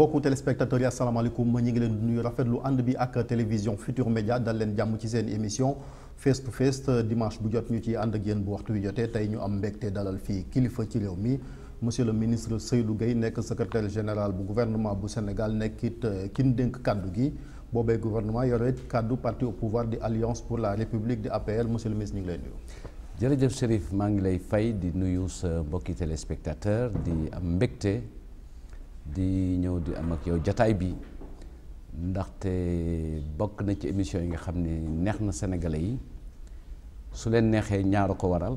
mbokku téléspectateurs yi asalaamaaleykum ñu ngi leen di nuyu rafetlu ànd bi ak télévision Futur Média dal leen jàmm ci seen émission face to face dimanche bu jot ñu ci ànd ak yéen bu waxtu wi jotee tey ñu am mbégte dalal fii kilifa ci réew mi monsieur le ministre Seydou gay nekk secretaire général bu gouvernement bu Sénégal nekkit euh, kin dénk kàddu gi boobee gouvernement yore kàddu parti au pouvoir di alliance pour la république di APR monsieur le ministre ñu ngi lay jërëjëf Chérif maa ngi lay fay di nuyu sa mbokki téléspectateur di am mbégte. di ñëw di am ak yow jataay bi ndaxte bokk na ci émission yi nga xam ne neex na sénégalais yi su leen neexee ñaar ko waral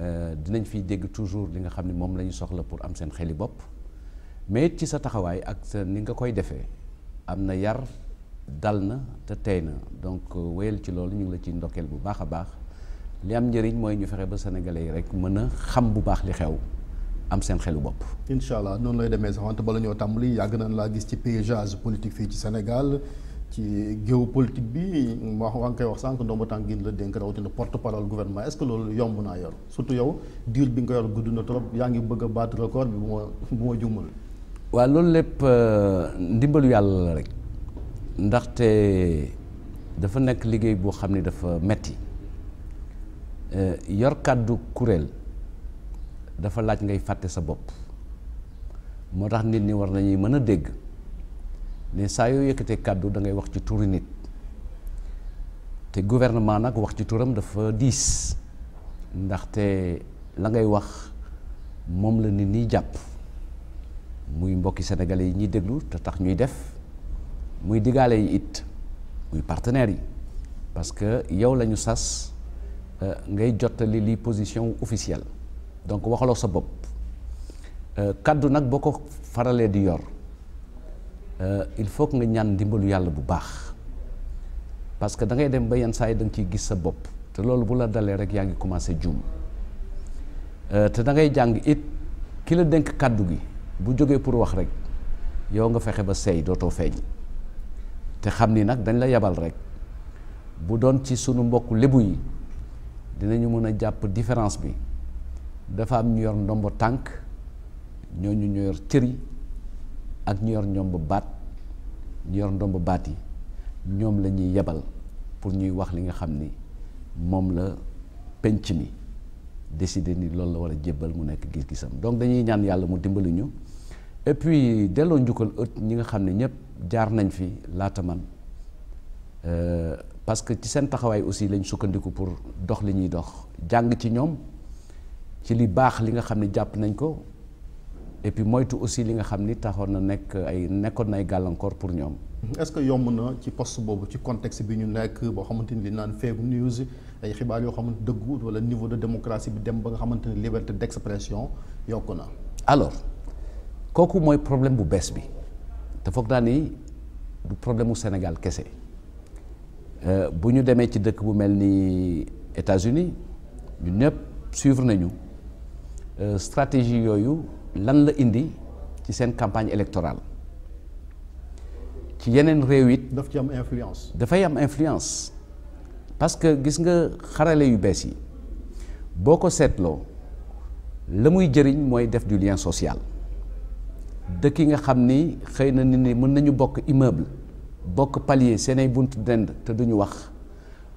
euh, dinañ fiy dégg toujours li nga xam ne moom la ñu soxla pour am seen xeli bopp mais ci sa taxawaay ak sa ni nga koy defee am na yar dal na te tey na donc euh, wéyal ci loolu ñu ngi la ciy ndokkeel bu baax a baax li am njëriñ mooy ñu fexe ba sénégalais yi rek mën a xam bu baax li xew am seen xelu bopp. incha allah noonu lay demee sax wante bala ñoo tàmbali yàgg nañ laa gis ci paysage politique fii ci Sénégal ci géew géopolitique bi wax waa ngi koy wax sànq ndomba tànk gi la dénk rawatina porte parole gouvernement est ce que loolu yomb naa yor surtout yow diir bi nga ko yor gudd na trop yaa ngi bëgg a baat record bi bu ma bu ma jumul. loolu lépp euh, ndimbalu yàlla la rek ndaxte dafa nekk liggéey boo xam ne dafa metti euh, yor kàddu kuréel. dafa laaj ngay fàtte sa bopp moo tax nit ñi war nañuy mën a dégg ne saa yoo yëkkatee kàddu dangay wax ci turi nit te gouvernement nag wax ci turam dafa diis ndaxte la ngay wax moom la nit ñi jàpp muy mbokki sénégalais yi ñuy déglu te tax ñuy def muy digaale yi it muy partenaires yi parce que yow la ñu sas euh, ngay jottali li position officielle donc waxaloo sa bopp euh, kàddu nag boo ko faralee di yor euh, il faut que nga ñaan ndimbalu yàlla bu baax parce que da ngay dem ba yenn saa yi da nga ciy gis sa bopp te loolu bu la dalee rek yaa ngi commencé juum euh, te da ngay jàng it ki la dénk kàddu gi bu jógee pour wax rek yow nga fexe ba seey dootoo feeñ te xam ni nag dañ la yebal rek bu doon ci sunu mbokk lébu yi dinañu mën a jàpp différence bi. dafa am ñu yor ndombo tànk ñooñu ñu yor cër ak ñu yor ndombo baat ñu yor ndomb baat yi ñoom la ñuy yebal pour ñuy wax li nga xam ni moom la penc mi décider ni loolu la war a jébbal mu nekk gis-gisam donc dañuy ñaan yàlla mu dimbali ñu et delloo njukkal ëtt ñi nga xam ne ñëpp jaar nañ fi laata man euh, parce que ci seen taxawaay aussi lañ sukkandiku pour dox li ñuy dox jàng ci ñoom. ci li baax li nga xam ni jàpp nañ ko et puis moytu aussi li nga xam ni taxoon na nekk ay nekkoon na ay gàllankoor pour ñoom. est-ce que yomb na ci post boobu ci contexte bi ñu nekk boo xamante ni li naan fake news ay xibaar yoo xamante dëggu wala niveau de démocratie bi dem ba nga xamante ni liberté d'expression yokku na. alors kooku mooy problème bu bees bi te foog naa ni du problème mu Sénégal kese euh, bu ñu demee ci dëkk bu mel ni États-Unis ñun ñëpp suivre nañu. Euh, stratégie yooyu lan la indi ci seen campagne électorale ci yeneen réew it. daf ci am influence. dafay am influence parce que gis nga xarale yu bees yi boo ko seetloo la muy jëriñ mooy def du lien social dëkk yi nga xam ni xëy na nit ñi mën nañu bokk immeuble bokk palier seen ay bunt dend te duñu wax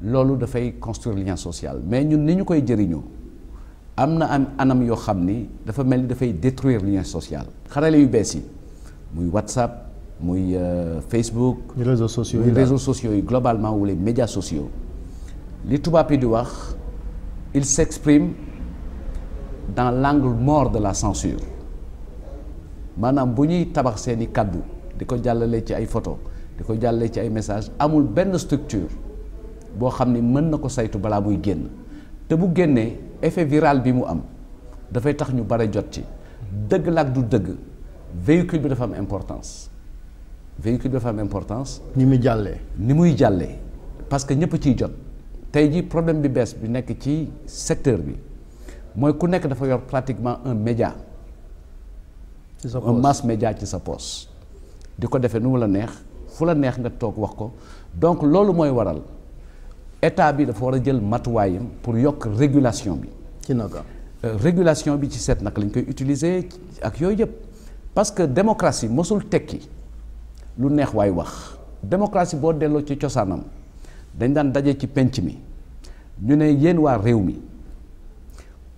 loolu dafay construire lien social mais ñun ni ñu koy jëriñoo. am na am anam yoo xam ni dafa mel ni dafay détruire lien sociale xarale yu bees yi muy WhatsApp muy euh, Facebook. muy réseau sociaux yi réseaux sociaux yi globalement wule médias sociaux. li tubaab yi di wax il s'exprime dans l'angle mort de la censure maanaam bu ñuy tabax seeni kàddu di ko jàllale ci ay photo di ko jàllale ci ay message amul benn structure boo xam ni mën na ko saytu balaa muy génn te bu génnee. effet viral bi mu am dafay tax ñu bare jot ci dëgg la du dëgg véhicule bi dafa am importance véhicule bi dafa am importance. ni muy jàllee. ni muy jàllee parce que ñëpp ciy jot tey jii problème bi bees bi nekk ci secteur bi mooy ku nekk dafa yor pratiquement un média. sa un mass média ci sa poche. di ko defee nu mu la neex fu la neex nga toog wax ko donc loolu mooy waral. état bi dafa war a jël matuwaayam pour yokk régulation bi. ci naka euh, régulation bi ci seet nag lañ koy utiliser ak yooyu yëpp parce que démocratie mosul tekki lu neex waay wax. démocratie boo delloo ci cosaanam dañ daan daje ci penc mi ñu ne yéen waa réew mi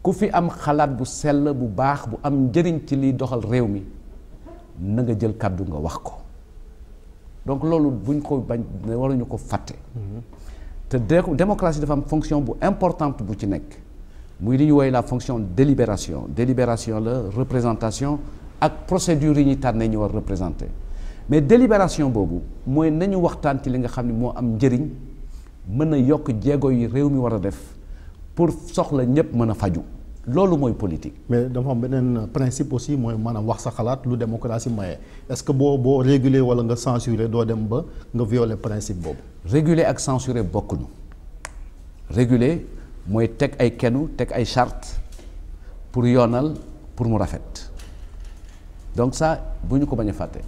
ku fi am xalaat bu sell bu baax bu am njëriñ ci liy doxal réew mi na nga jël kàddu nga wax ko donc loolu buñ ko bañ waruñu ko fàtte. Mm-hmm. te démocratie dafa am fonction bu importante bu ci nekk muy li ñu woowee la fonction délibération délibération la représentation ak procédure yi ñuy tànnee ñu war représenter mais délibération boobu mooy nañu waxtaan ci li nga xam ne moo am njëriñ mën na yokk jéego yi réew mi war a def pour soxla ñëpp mën a faju loolu mooy politique. mais dafa beneen principe aussi mooy maanaam wax sa xalaat lu démocratie maye est-ce que boo boo réguler walla nga censurer doo dem ba nga violer principe boobu. réguler ak censurer bokkuñu réguler mooy teg ay kenu teg ay charte pour yoonal pour mu rafet donc ça bu ñu ko bañ a fàtte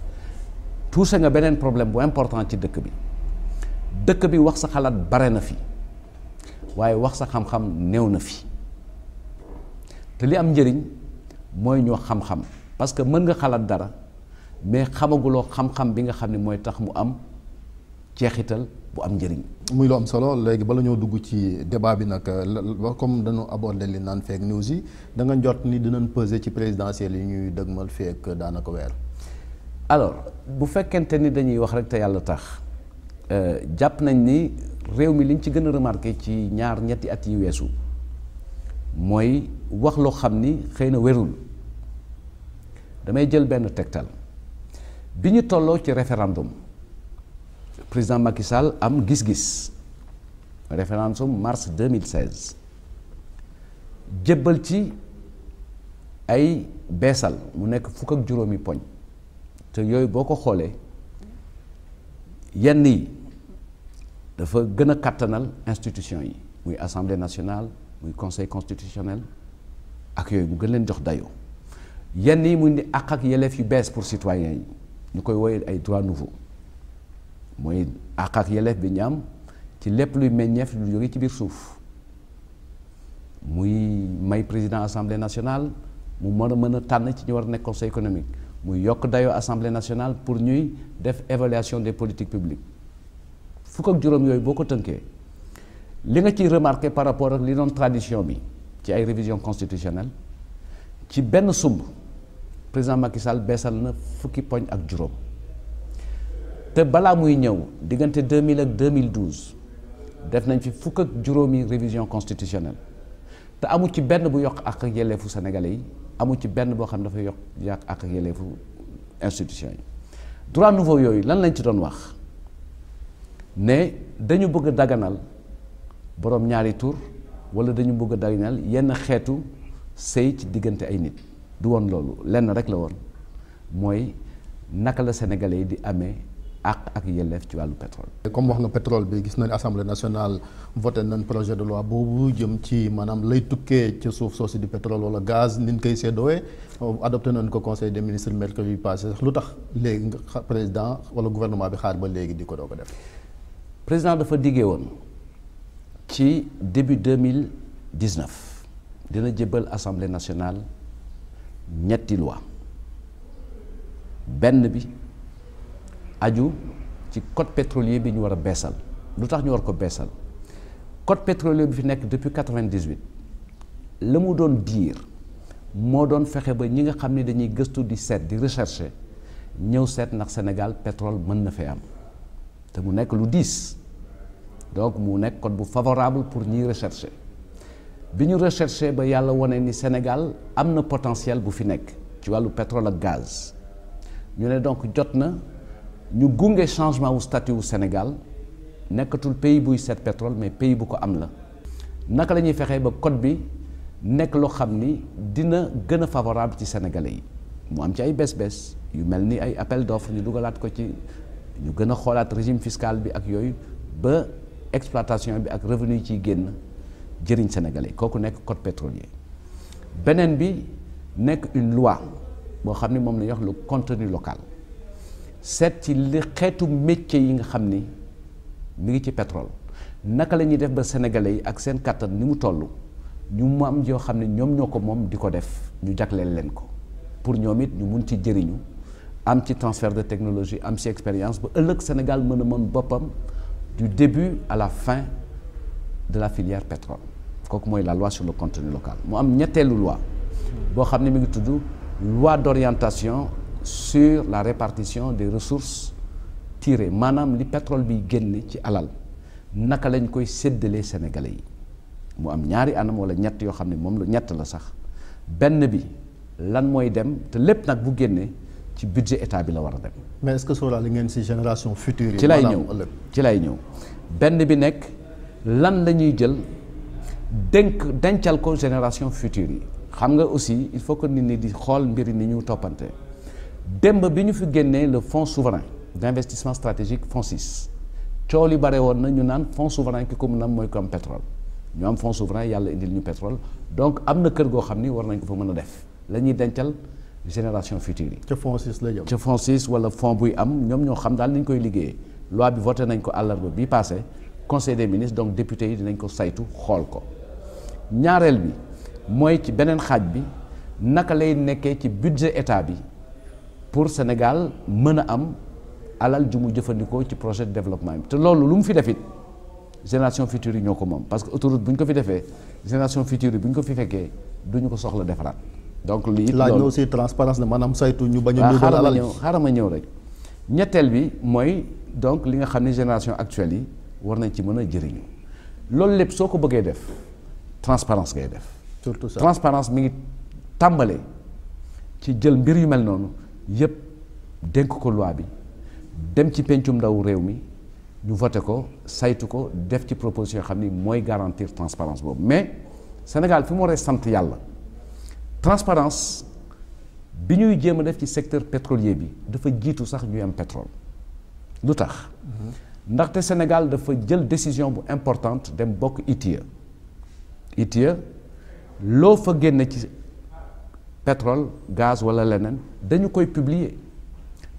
touché nga beneen problème bu important ci dëkk bi dëkk bi wax sa xalaat bare na fi waaye wax sa xam-xam néew na fi. te li am njëriñ mooy ñoo xam-xam parce que mën nga xalaat dara mais xamaguloo xam-xam bi nga xam ne mooy tax mu am ceexital bu am njëriñ. muy lu am solo léegi bala ñoo dugg ci débat bi nag la comme dañu aborder li naan fake news yi danga nga jot ni dinañ peser ci présidentielle yi ñuy dëgmal fekk daanaka weer. alors bu fekkente ni dañuy wax rek te yàlla tax euh, jàpp nañ ni réew mi liñ ci gën a remarqué ci ñaar ñetti at yi weesu. mooy wax loo xam ni xëy na wérul damay jël benn tegtal bi ñu tolloo ci référendum président Macky am gis-gis référendum mars 2016 jébbal ci ay beesal mu nekk fukk ak juróomi poñ te yooyu boo ko xoolee yenn yi dafa gën a kàttanal institution yi muy assemblée nationale muy conseil constitutionnel ak yooyu mu gën leen jox dayoo yenn yi mu indi àq ak yelleef yu bees pour citoyens yi ñu koy woyee ay droits nouveaux mooy àq ak yelleef bi ñu am ci lépp luy meññeef lu jóge ci biir suuf muy may président assemblée nationale mu mën a mën a tànn ci ñu war a nekk conseil économique muy yokk dayoo assemblée nationale pour ñuy def évaluation des politiques publiques fukk ak juróom yooyu boo ko tënkee. li nga ciy remarqué par rapport ak li doon tradition bi ci ay révision constitutionnelle ci benn sumb président Macky Sall beesal na fukki poñ ak juróom te balaa muy ñëw diggante 2000 ak 2012 def nañ fi fukk ak juróomi révision constitutionnelle te amu ci benn bu yokk ak ak yelleefu sénégalais yi amu ci benn boo xam ne dafa yokk yàq ak ak yelleefu institution yi droit nouveau yooyu lan lañ ci doon wax ne dañu bëgg a daganal boroom ñaari tur wala dañu bëgg a daganal yenn xeetu sëy ci diggante ay nit du woon loolu lenn rek la woon mooy naka la sénégalais yi di amee àq ak yelleef ci wàllu pétrole. comme wax nga pétrole bi gis nañu assemblée nationale voté nañ projet de loi boobu jëm ci maanaam lay tukkee ca suuf soo soosi di pétrole wala gaz ni ñu koy séddoowee adopté nu ko conseil des ministres mercredi passé sax lu tax léegi nga président wala gouvernement bi xaar ba léegi di ko doo ko def. président dafa diggee woon. ci début deux mille dix-neuf dina jëbal assemblée nationale ñetti loi benn bi aju ci code pétrolier bi ñu war a beesal lu tax ñu war ko beesal code pétrolier bi fi nekk depuis quatre vingt dix la mu doon diir moo doon fexe ba ñi nga xam ni dañuy gëstu di seet di recherche ñëw seet nag Sénégal pétrole mën na fee am te mu nekk lu diis. donc mu nekk code bu favorable pour ñiy rechercher bi ñu rechercher ba yàlla wane ni Sénégal am na potentiel bu fi nekk ci wàllu pétrole ak gaz ñu ne donc jot na ñu gunge changement wu statut wu Sénégal nekkatul pays buy seet pétrole mais pays bu ko am la naka la ñuy fexee ba code bi nekk loo xam ni dina gën a favorable ci sénégalais yi mu am ci ay bés-bés yu mel ni ay appel d'offre ñu dugalaat ko ci ñu gën a xoolaat régime fiscal bi ak yooyu ba. exploitation bi ak revenu ci génn jëriñ sénégalais kooku nekk code pétrolier beneen bi nekk une loi boo xam ni moom la ñuy wax le contenu local seet ci li xeetu métier yi nga xam ni mu ngi ci pétrole naka la ñuy def ba sénégalais yi ak seen kàttan ni mu toll ñu mu am yoo xam ne ñoom ñoo ko moom di ko def ñu jagleel leen ko pour ñoom it ñu mun ci jëriñu am ci transfert de technologie am ci expérience ba ëllëg Sénégal mën a mën boppam du début à la fin de la filière pétrole kooku mooy la loi sur le contenu local mu am ñetteelu loi boo xam ne mu ngi tudd loi d'orientation sur la répartition des ressource tirées maanaam li pétrole bi génne ci alal naka lañ koy séddalee sénégalais yi mu am ñaari anam wala ñett yoo xam ne moom la ñett la sax benn bi lan mooy dem te lépp nag bu génnee ci budget état bi la war a dem. mais est-ce que sóoraale ngeen si génération future yi. ci lay ñëw ci lay ñëw benn bi nekk lan la ñuy jël dénk dencal ko génération future yi xam nga aussi il faut que nit ñi di xool mbiri ni ñu toppante démb bi ñu fi génnee le fonds souverain d'investissement stratégique FONSIS coow li bare woon na ñu naan fonds souverain ki ko mun am mooy comme pétrole ñu am fonds souverain yàlla indil ñu pétrole donc am na kër goo xam ni war nañ ko fa mën a def la ñuy dencal. génération future yi. ca fonds 6 lay jëm fonds wala fonds buy am ñoom ñoo xam daal ni ñu koy liggéeyee loi bi voté nañ ko àllarba bii passé conseil des ministres donc député yi dinañ ko saytu xool ko ñaareel bi mooy ci beneen xaaj bi naka lay nekkee ci budget état bi pour Sénégal mën a am alal ju mu jëfandikoo ci projet de développement bi te loolu lu mu fi defit génération future yi ñoo ko moom parce que autoroute bu ñu ko fi defee génération future yi bu ñu ko fi fekkee du ko soxla defaraat. donc lii laaj na aussi transparence ne maanaam saytu ñu bañ a. xaaral ma ñëw xaaral rek. ñetteel bi mooy donc li nga xam ne génération actuelle yi war nañ ci mën a jëriñu loolu lépp soo ko bëggee def transparence ngay def. surtout ça transparence mu ngi tàmbale ci jël mbir yu mel noonu yépp dénk ko loi bi dem ci pencum ndaw réew mi ñu voté ko saytu ko def ci proposition yoo xam ni mooy garantir transparence boobu mais Sénégal fi mu waree sant yàlla. transparence bi ñuy jéem a def ci secteur pétrolier bi dafa jiitu sax ñuy am pétrole lu tax mhm. ndaxte Sénégal dafa jël décision bu importante dem bokk ITIE ITIE loo fa génne ci petrol gaz wala leneen dañu koy publier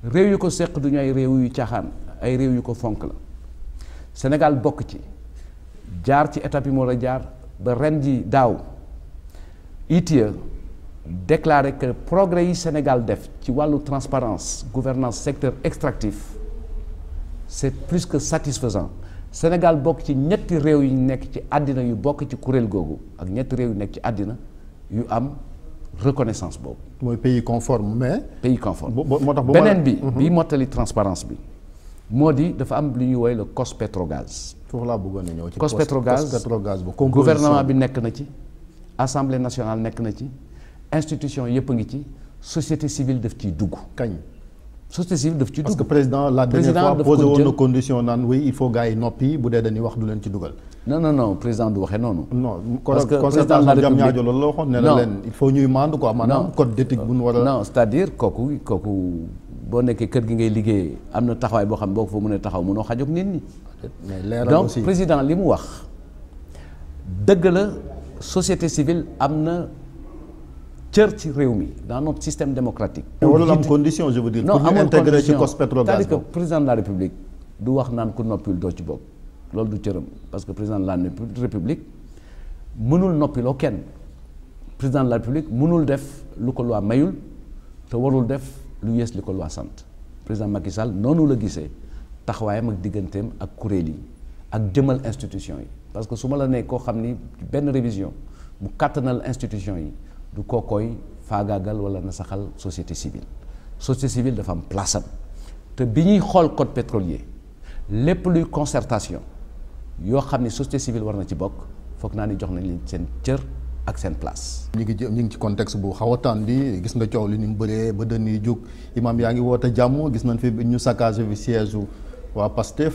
réew yu ko seq duñu ay réew yu caaxaan ay réew yu ko fonk la Sénégal bokk ci jaar ci étape yi moo la jaar ba ren ji daaw ITIE déclarer que progrès yi Sénégal def ci wàllu transparence gouvernance secteur extractif c'est plus que satisfaisant Sénégal bokk ci ñetti réew yu nekk ci àddina yu bokk ci kuréel googu ak ñetti réew yu nekk ci àddina yu am reconnaissance boobu. mooy pays conforme mais. pays conforme moo tax beneen bi. Mhm. bi mottali transparence bi. moo di dafa am lu ñuy woowee le COS-Petrogaz. foofu laa bëggoon a ñëw ci COS-Petrogaz gouvernement bi nekk na ci. assemblée nationale nekk na ci. institution yëpp ngi ci société civile def ciy dugg. kañ société civile daf ciy dugg. que président la dernière fois posé na condition naan oui il faut gars yi noppi bu leen ci dugal. non non président waxee noonu. non parce que président de la république loolu la waxoon ne la leen il faut kooku boo nekkee kër gi ngay liggéey am na taxawaay boo xam boo ko fa mënee taxaw mënoo xaj ak nit ñi. mais leeral aussi li mu wax dëgg la société civile am na. cër ci réew mi dans notre système démocratique. wala am condition je veux dire. pour ñu intégrer ci cos pétrogaz président la république du wax naan ku noppil doo ci bokk loolu du cëram parce que président de la république mënul noppiloo kenn président la république mënul def lu ko loi mayul te warul def lu yées li ko loi sant président Macky Sall noonu la gisee taxawaayam ak digganteem ak kuréel yi ak jëmal institution yi parce que su ma la nee koo xam ni benn révision mu kàttanal institution yi. du kookooy faagaagal wala nasaxal société civile société civile dafa am place am te bi ñuy xool code pétrolier lépp luy consertation yoo xam ne société civile war na ci bokk foog naa ni jox nañ seen cër ak seen place. ñu ngi ci ñu ngi ci contexte bu xaw a tàndi gis nga coow li ni mu bëree ba dën yi jóg imaam yaa ngi woote jàmm gis nañ bi ñu saccagé fi siège waa PASTEF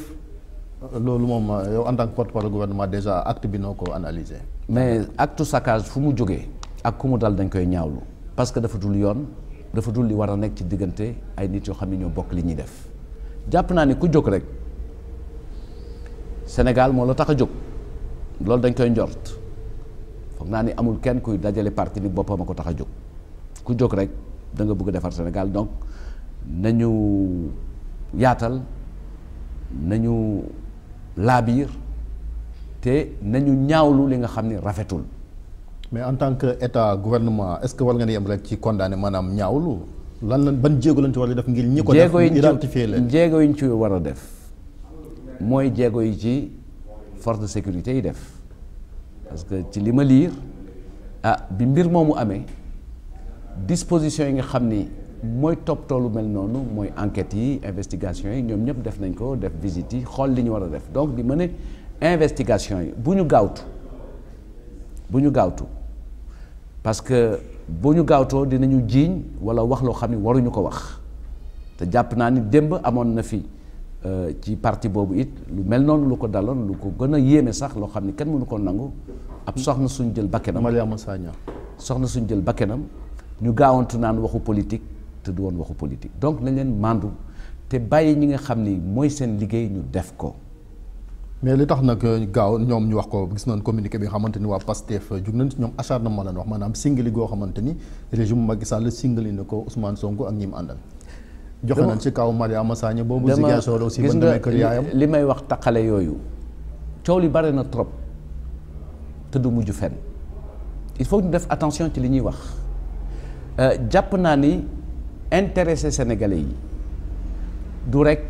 loolu moom yow en tant que porte gouvernement déjà acte bi noo ko analysé. mais acte saccage fu mu jógee. ak ku mu dal dañ koy ñaawlu parce que dafa dul yoon dafa dul li war a nekk ci diggante ay nit yoo xam ne ñoo bokk li ñuy def jàpp naa ni ku jóg rek Sénégal moo la tax a jóg loolu dañ koy njort foog naa ni amul kenn kuy dajale parti ni boppam a ko tax a jóg ku jóg rek danga nga bëgg defar Sénégal donc nañu yaatal nañu laabiir te nañu ñaawlu li nga xam ni rafetul mais en tant que état gouvernement est-ce que war nga ni yem rek ci condamné maanaam ñaawlu lan lan ban jéego lañ ci war a def ngir ñi ko def identifier leen jéego yi ñu ci war a def mooy jéego yi ci force de sécurité yi def parce que ci li ma liir ah bi mbir moomu amee disposition yi nga xam ni mooy topp toolu mel noonu mooy enquêtes yi investigation yi ñoom ñëpp def nañ ko def visite yi xool li ñu war a def donc di ma ne investigation yi bu ñu gaawtu bu ñu gaawtu parce que bu ñu gaawtoo dinañu jiiñ wala wax loo xam ne waruñu ko wax te jàpp naa ni démb amoon na fi euh, ci parti boobu it lu mel noonu lu ko daloon lu ko gën a yéeme sax loo xam ne kenn mënu ko nangu ab soxna suñ jël bakkenam Mariama Sagna soxna suñu jël bakkenam ñu gaawantu naan waxu politique te du woon waxu politique donc nañ leen màndu te bàyyi ñi nga xam ni mooy seen liggéey ñu def ko mais li tax nag euh, gaaw ñoom ñu wax ko gis nañ communiqué bi nga xamante ni waa PASTEF euh, jug nañ ci ñoom acharnement lañ wax maanaam singali goo xamante ni régime Macky Sall singali na ko Ousmane Sonko ak ñi mu àndal. joxe nañ ci kaw Mariama Sagna boobu. Ziguinchor aussi gis nga li may wax taqale yooyu coow li bare na trop te du mujj fen il faut ñu def attention ci li ñuy wax euh, jàpp naa ni intéressé sénégalais yi du rek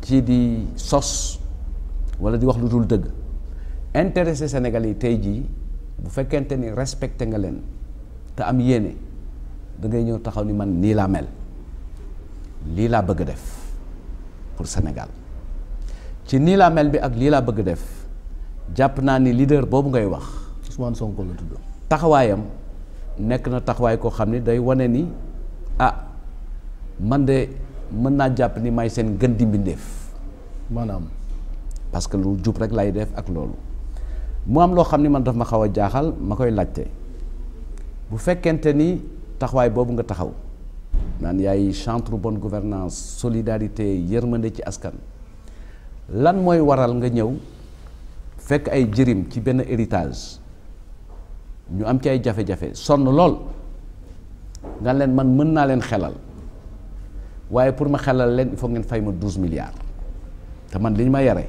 ci di sos. wala di wax lu dul dëgg intéressé Sénégal yi tey jii bu fekkente ni respecté nga leen te am yéene dangay ñëw taxaw ni man nii laa mel lii laa bëgg def pour Sénégal ci nii laa mel bi ak lii laa bëgg def jàpp naa ni leader boobu ngay wax. Ousmane Sonko la tudd. taxawaayam nekk na taxawaay koo xam ni day wane ni ah man de mën naa jàpp ni may seen gën di mbindeef maanaam. parce que lu jub rek lay def ak loolu mu am loo xam ni man daf ma xaw a jaaxal ma koy laajte bu fekkente ni taxawaay boobu nga taxaw naan yaay chantre bonne gouvernance solidarité yërmande ci askan lan mooy waral nga ñëw fekk ay jërim ci benn héritage ñu am ci ay jafe-jafe sonn lool nga leen man mën naa leen xelal waaye pour ma xelal leen il ngeen fay ma douze milliards te man li ñu ma yare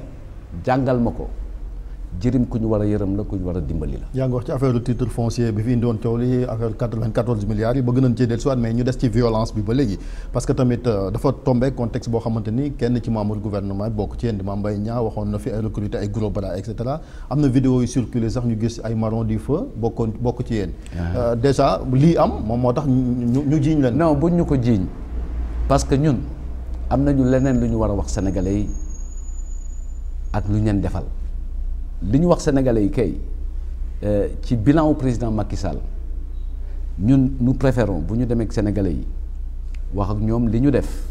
jàngal ma ko jërim ku ñu war a yërëm la ku ñu war a dimbali la. yaa ngi wax ci affaire titre foncier bi fi indi woon coow li affaire quatre-vingt-quatorze milliards yi bëgg nañ cee dellusiwaat mais bi ba léegi parce que tamit euh, dafa tombé contexte boo xamante ni kenn ci membre gouvernement bokk ci yéen di Mame Mbaye Niang waxoon na fi ay recruter ay gros bras et am na vidéo yu circulé sax ñu gis ay marron du feu bokkoon bokk ci yéen. Ah. Euh, déjà lii am moom moo tax ñu ñu jiiñ leen. non buñ ñu ko jiiñ parce que ñun am nañu leneen lu ñu war a wax sénégalais yi. ak lu ñu leen defal li ñu wax sénégalais yi kay euh, ci bilan président Macky Sall ñun nous préférons bu ñu demee ak sénégalais yi wax ak ñoom li ñu def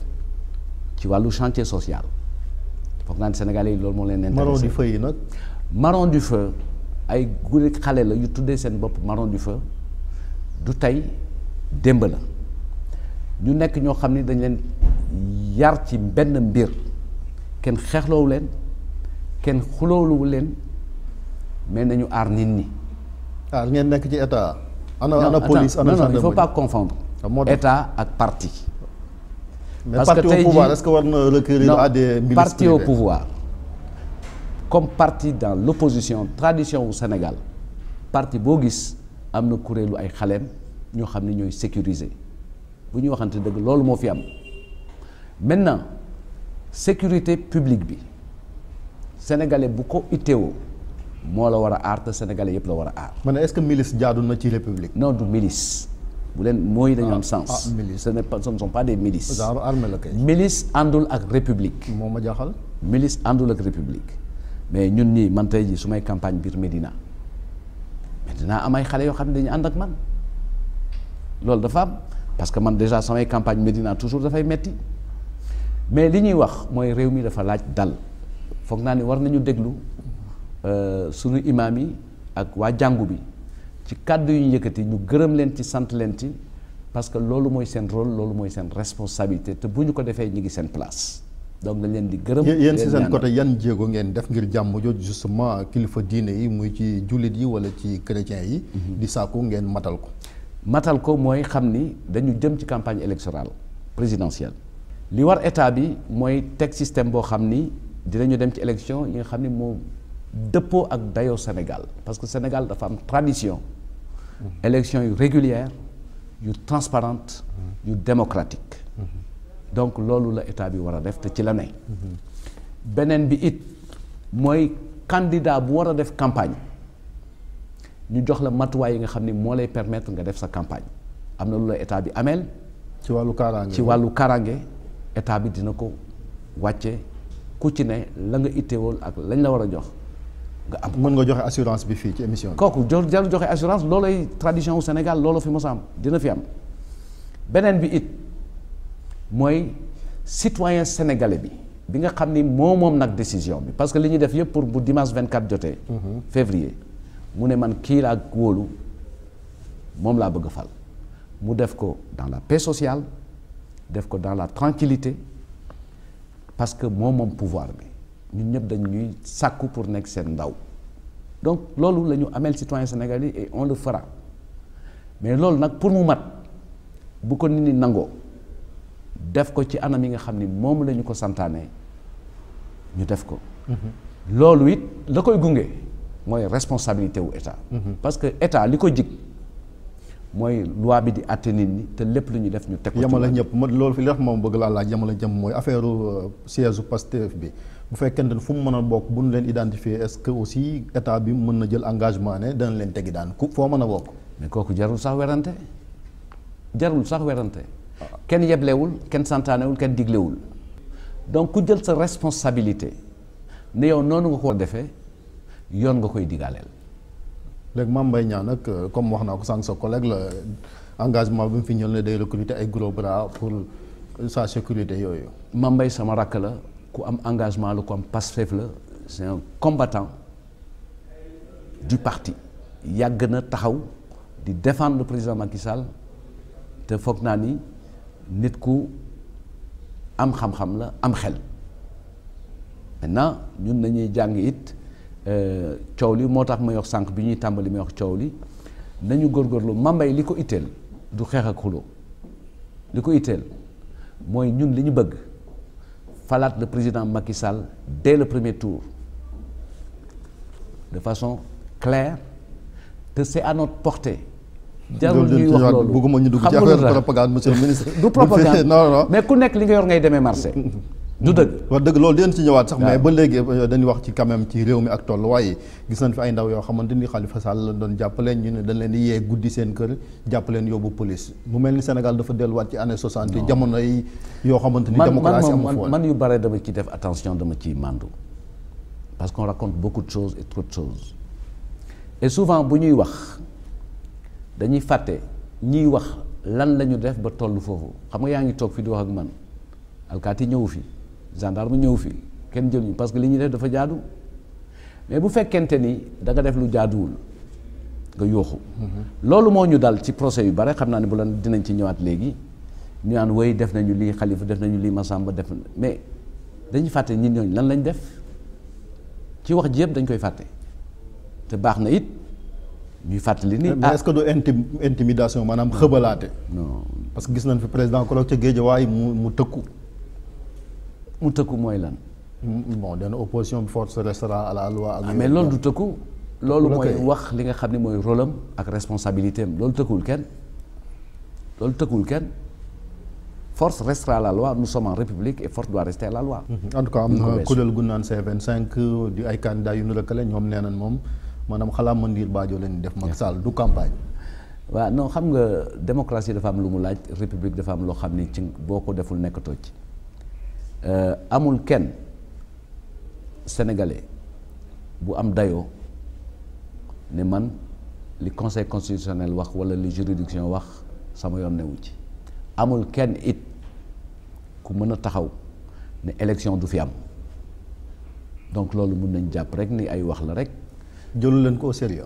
ci wàllu chantier social foog naa ne yi loolu moo leen. intéressé marron du feu nag. marron du feu ay guri xale la yu tuddee seen bopp marron du feu du tey démb la ñu nekk ñoo xam ni dañ leen yar ci benn mbir kenn xeexloowu leen. kenn xulooluwu leen mais nañu aar nit ñi. aar ngeen nekk ci état. ana ana police ana gendarmerie non non il faut pas confondre. Ah, état ak parti. mais parce que au pouvoir war na recourir à des milices parti comme parti dans l'opposition tradition wu Sénégal parti boo gis am na kuréelu ay xaleem ñoo xam ne ñooy sécuriser bu ñu waxante dëgg loolu moo fi am maintenant sécurité publique bi. sénégalais bu ko itteewoo moo la war a aar te sénégalais yëpp la war a aar. ma ne est-ce que milice jaadu na ci république. non du milice. bu leen mooy dañu am ah, sens. Ah, milice ce n'est pas des milices. genre armée la àndul ak république. moo ma jaaxal. milice àndul ak république. mais ñun nii man tey jii su campagne biir Médina mais dinaa am ay xale yoo xam ne dañu ànd ak man loolu dafa am parce que man déjà samay campagne Médina toujours dafay metti mais li ñuy wax mooy réew mi dafa laaj dal. foog naa ni war nañu déglu euh, suñu imaam yi ak waa jàngu bi ci kàddu yu ñu yëkkati ñu gërëm leen ci sant leen ci parce que loolu mooy seen rôle loolu mooy seen responsabilité te bu ñu ko defee ñu ngi seen place donc dañ leen di gërëm. yéen si seen côté yan jéego ngeen def ngir jàmm jot justement kilifa diine yi muy ci jullit yi wala ci chrétien yi. Mhm. di sàkku ngeen matal ko. matal ko mooy xam ni dañu jëm ci campagne électorale présidentielle. li war état bi mooy teg boo xam ni. dinañu dem ci élection yi nga xam ne moo dëppoo ak dayoo Sénégal parce que Sénégal dafa am tradition mhm. élection yu régulière yu transparente yu démocratique mhm. donc loolu la état bi war a def te ci la ne mhm. beneen bi it mooy candidat bu war a def campagne ñu jox la matuwaay yi nga xam ni moo lay permettre nga def sa campagne am na lu la état bi ameel ci wàllu kaaraange ci wàllu kaaraange état bi dina ko wàcce ku ci ne la nga itteewul ak lañ la war a jox nga am mën nga joxe assurance bi fii ci émission bi. kooku jox jarul joxe assurance loolay tradition wu Sénégal loolu fi mos a am dina fi am beneen bi it mooy citoyen sénégalais bi bi nga xam ni moo moom nag décision bi parce que li ñuy def yëpp pour bu dimanche 24 jotee. Mhm. février mu ne man kii laa wóolu moom laa bëgg fal mu def ko dans la paix sociale def ko dans la tranquillité parce que moom moom pouvoir bi ñun ñëpp dañ ñuy sàkku pour nekk seen ndaw donc loolu la ñu ameel citoyen sénégalais et on le fera mais loolu nag pour mu mat bu ko nit ñi nangoo def ko ci anam yi nga xam ni moom lañu ko santaanee ñu def ko. Mm-hmm. loolu it da koy gunge mooy responsabilité wu état. Mm-hmm. parce que état li ko jig. mooy loi bi di àtte nit ñi te lépp lu ñu def ñu teg ko yamala ñëpp ma loolu fi li tax moom bëgg laa laaj yamala ñëpp mooy affaire euh, siège Pastef bi bu fekkente ne fu mu mën a bokk bu ñu leen identifier est-ce que aussi état bi mën na jël engagement ne dana leen tegi daan ku foo mën a bokk mais kooku jarul sax werante jarul sax werante kenn yeblewul kenn santaanewul kenn diglewul donc ku jël sa responsabilité ne yow noonu nga ko defee yoon nga koy digaaleel léegi Mame Mbaye Niang nag euh, comme wax naa ko sànq sa collègue la engagement bi mu fi ñëw ne day recruter ay gros bras pour sa sécurité yooyu. Mame sama rakk la ku am engagement la ku am Pastef la c'est un combattant du parti yàgg na taxaw di défendre le président Macky te foog naa ni nit ku am xam-xam la am xel maintenant ñun nañuy jàng it. Euh, coow li moo tax may wax sànq bi ñuy tàmbali may wax coow li nañu góorgóorlu mambay li ko itteel du xeex ak xuloo li ko itteel mooy ñun li ñu bëgg falaat le président Macky Sall dès le premier tour de façon claire te c'est à notre jarul ñuy wax loolu bëgguma ñu dugg propagande monsieur ministre. du propagande mais ku nekk li nga yor ngay demee marché. du dëgg wax dëgg loolu ñëwaat sax mais ba léegi euh, dañuy wax ci quand même ci réew mi ak tolluwaay gis nañ fi ay ndaw yoo xamante ni Khalifa Sall la doon jàppaleen ñu ne dañ leen di yee guddi seen kër jàppaleen yóbbu police mu mel ni Sénégal dafa delluwaat ci année soixante jamono yi yoo xamante ni démocratie amu foon man yu bare dama ci def attention dama ciy màndu parce qu'on raconte beaucoup de choses et trop de et souvent bu ñuy wax dañuy fàtte ñuy wax lan lañu def ba toll foofu xam nga yaa ngi toog fi di wax ak man alkaati ñëwu fi gendarme ñëw fii kenn jël ñu parce que li ñuy def dafa jaadu mais bu fekkente ni danga def lu jaaduwul nga yooxu mm-hmm. loolu moo ñu dal ci procès yu bare xam naa ne bu lan dinañ ci ñëwaat léegi ñu naan woy def nañu lii xalifa def nañu lii masamba def mais dañuy fàtte ñi ñooñu lan lañ def ci wax ji yëpp dañ koy fàtte te baax na it ñuy fàttali ni. mais ah est-ce que du intimidation maanaam xëbalaate. non que gis nañ fi président Kolo ca Géejawaay mu mu tëkku. mu tëkku mooy lan. Mm, bon dana opposition force restera à la loi. Ah, mais loolu du tëkku. loolu mooy wax li nga xam ne mooy rôle ak responsabilité am loolu tëkkuwul kenn. loolu tëkkuwul kenn force restera à la loi nous sommes en république et force doit rester à la loi. Mm-hmm. en tout cas am na kuréel gu naan ay candidats yu ñu lëkkale ñoom nee nañ moom maanaam xalaat mën diir baajo leen def Macky Sall du campagne. waa non xam nga démocratie dafa am lu mu laaj république dafa am loo xam ni ci boo ko deful nekkatoo ci. Euh, amul kenn sénégalais bu am dayoo ne man li conseil constitutionnel wax walla li juridiction wax sama yoon newu ci amul kenn it ku mën a taxaw ne élection du fi am donc loolu mun nañ jàpp rek ni ay wax la rek. jëlu leen koo au sérieux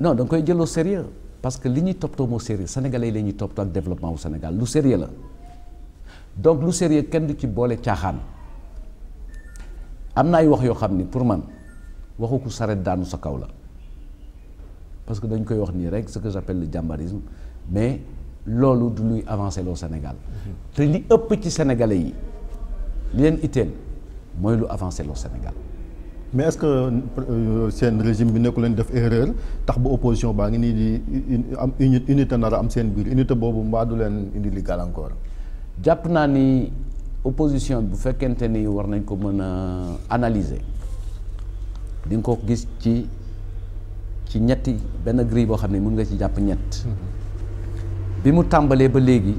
non koy jël au sérieux que li ñuy toppatoo moo sérieux sénégalais yi la ñuy toppatoo ak développement wu Sénégal lu sérieux la. donc lu sérieux kenn du ci boole caaxaan am na ay wax yoo xam ni pour man waxu ku saret daanu sa kaw la parce que dañ koy wax nii rek ce que j'appelle le mais loolu du luy avancer loo Sénégal mm-hmm. te li ëpp ci sénégalais yi leen itteel mooy lu avancer loo Sénégal. mais est-ce que euh, seen régime bi nekku leen def erreur tax ba opposition baa ngi nii di am unité nar a am seen biir unité boobu mbaa du leen indi li gàllankoor. jàpp naa ni opposition bu fekkente ni war nañ ko mën a analyser dinga ko gis ci ci ñetti benn grille boo xam ne mun nga ci jàpp ñett mm-hmm. bi mu tàmbalee ba léegi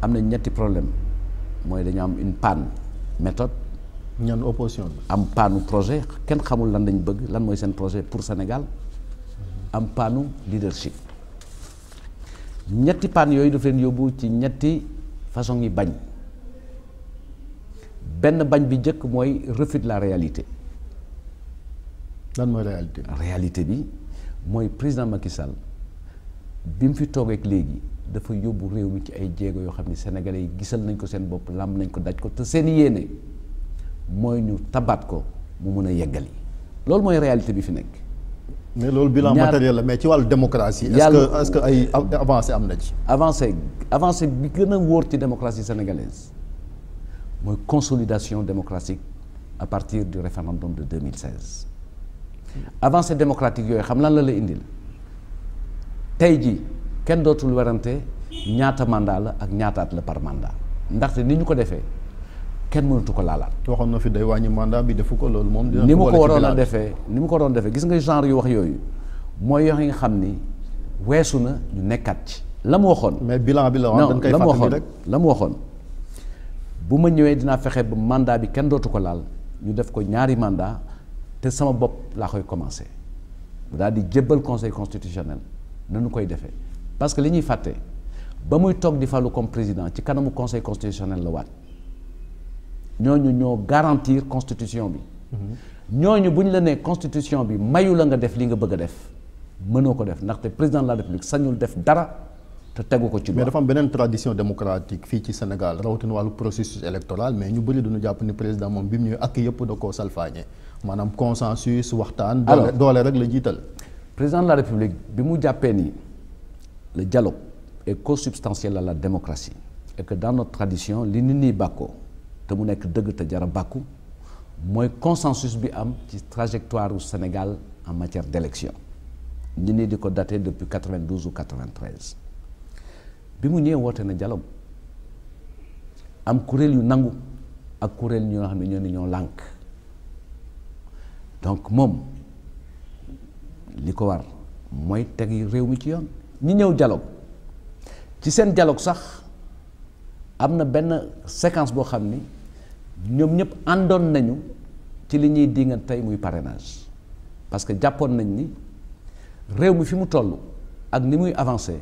am na ñetti problème mooy dañu am une panne méthode. ñan opposition bi. am pannu projet kenn xamul lan lañ bëgg lan mooy seen projet pour Sénégal mm-hmm. am pannu leadership. ñetti paan yooyu daf leen yóbbu ci ñetti façon yi bañ benn bañ bi njëkk mooy refute la réalité. lan mooy réalité bi réalité bi mooy président Macky bi mu fi toogeek léegi dafa yóbbu réew mi ci ay jéego yoo xam ne sénégalais yi gisal nañ ko seen bopp làmb nañ ko daj ko te seen yéene mooy ñu tabaat ko mu mën a yeggali loolu mooy réalité bi fi nekk. mais loolu bilan matériel la mais ci wàllu démocratie. est-ce que est-ce ay avancé am na ci. avancé avancé bi gën a wóor ci démocratie sénégalaise mooy consolidation démocratique à partir du référendum de 2016 avancé démocratique yooyu xam lan la la indil tey ji kenn dootul werante ñaata mandat la ak ñaataat la par mandat ndaxte ni ñu ko defee. kenn mënatu ko laalaat. waxoon na fi day wàññi mandat bi defu ko loolu moom. dina ni mu ko waroon a defee ni mu ko waroon defee gis nga genre yu wax yooyu mooy yoo nga xam ni weesu na ñu nekkaat ci. la mu waxoon mais bilan bi la wax dañ koy fàttali rek la mu waxoon bu ma ñëwee dinaa fexe ba mandat bi kenn dootu ko laal ñu def ko ñaari mandat te sama bopp laa koy commencé daal di jébbal conseil constitutionnel nanu koy defee parce que li ñuy fàtte ba muy toog di falu comme président ci kanamu conseil constitutionnel la waat. ñooñu ñoo garantir constitution bi. ñooñu bu ñu la nee constitution bi mayu la nga def li nga bëgg a def mënoo ko def ndaxte président la république sañul def dara te tegu ko ci. mais dafa beneen tradition démocratique fii ci Sénégal rawatina wàllu processus électoral mais ñu bëri duñu jàpp ni président moom bi mu ñëwee ak yëpp da koo salfaañe maanaam consensus waxtaan. doole doole rek la jiital. président de la république bi mu jàppee nii le dialogue est consubstantiel à la démocratie et que dans notre li nit ñi bàkkoo te mu nekk dëgg te jara bàkku mooy consensus bi am ci trajectoire u Sénégal en matière d'élection ñu ni di ko daté depuis 92 ou 93 bi mu ñëwee woote na dialogue am kuréel yu nangu ak kuréel ñoo xam ne ñoo ne lànk donc moom li ko war mooy teg réew mi ci yoon ñi ñëw dialogue ci seen jaloog sax am na benn séquence boo xam ni ñoom ñëpp àndoon nañu ci li ñuy dii dinga tey muy parrainage parce que jàppoon nañ ni réew mi fi mu toll ak ni muy avancé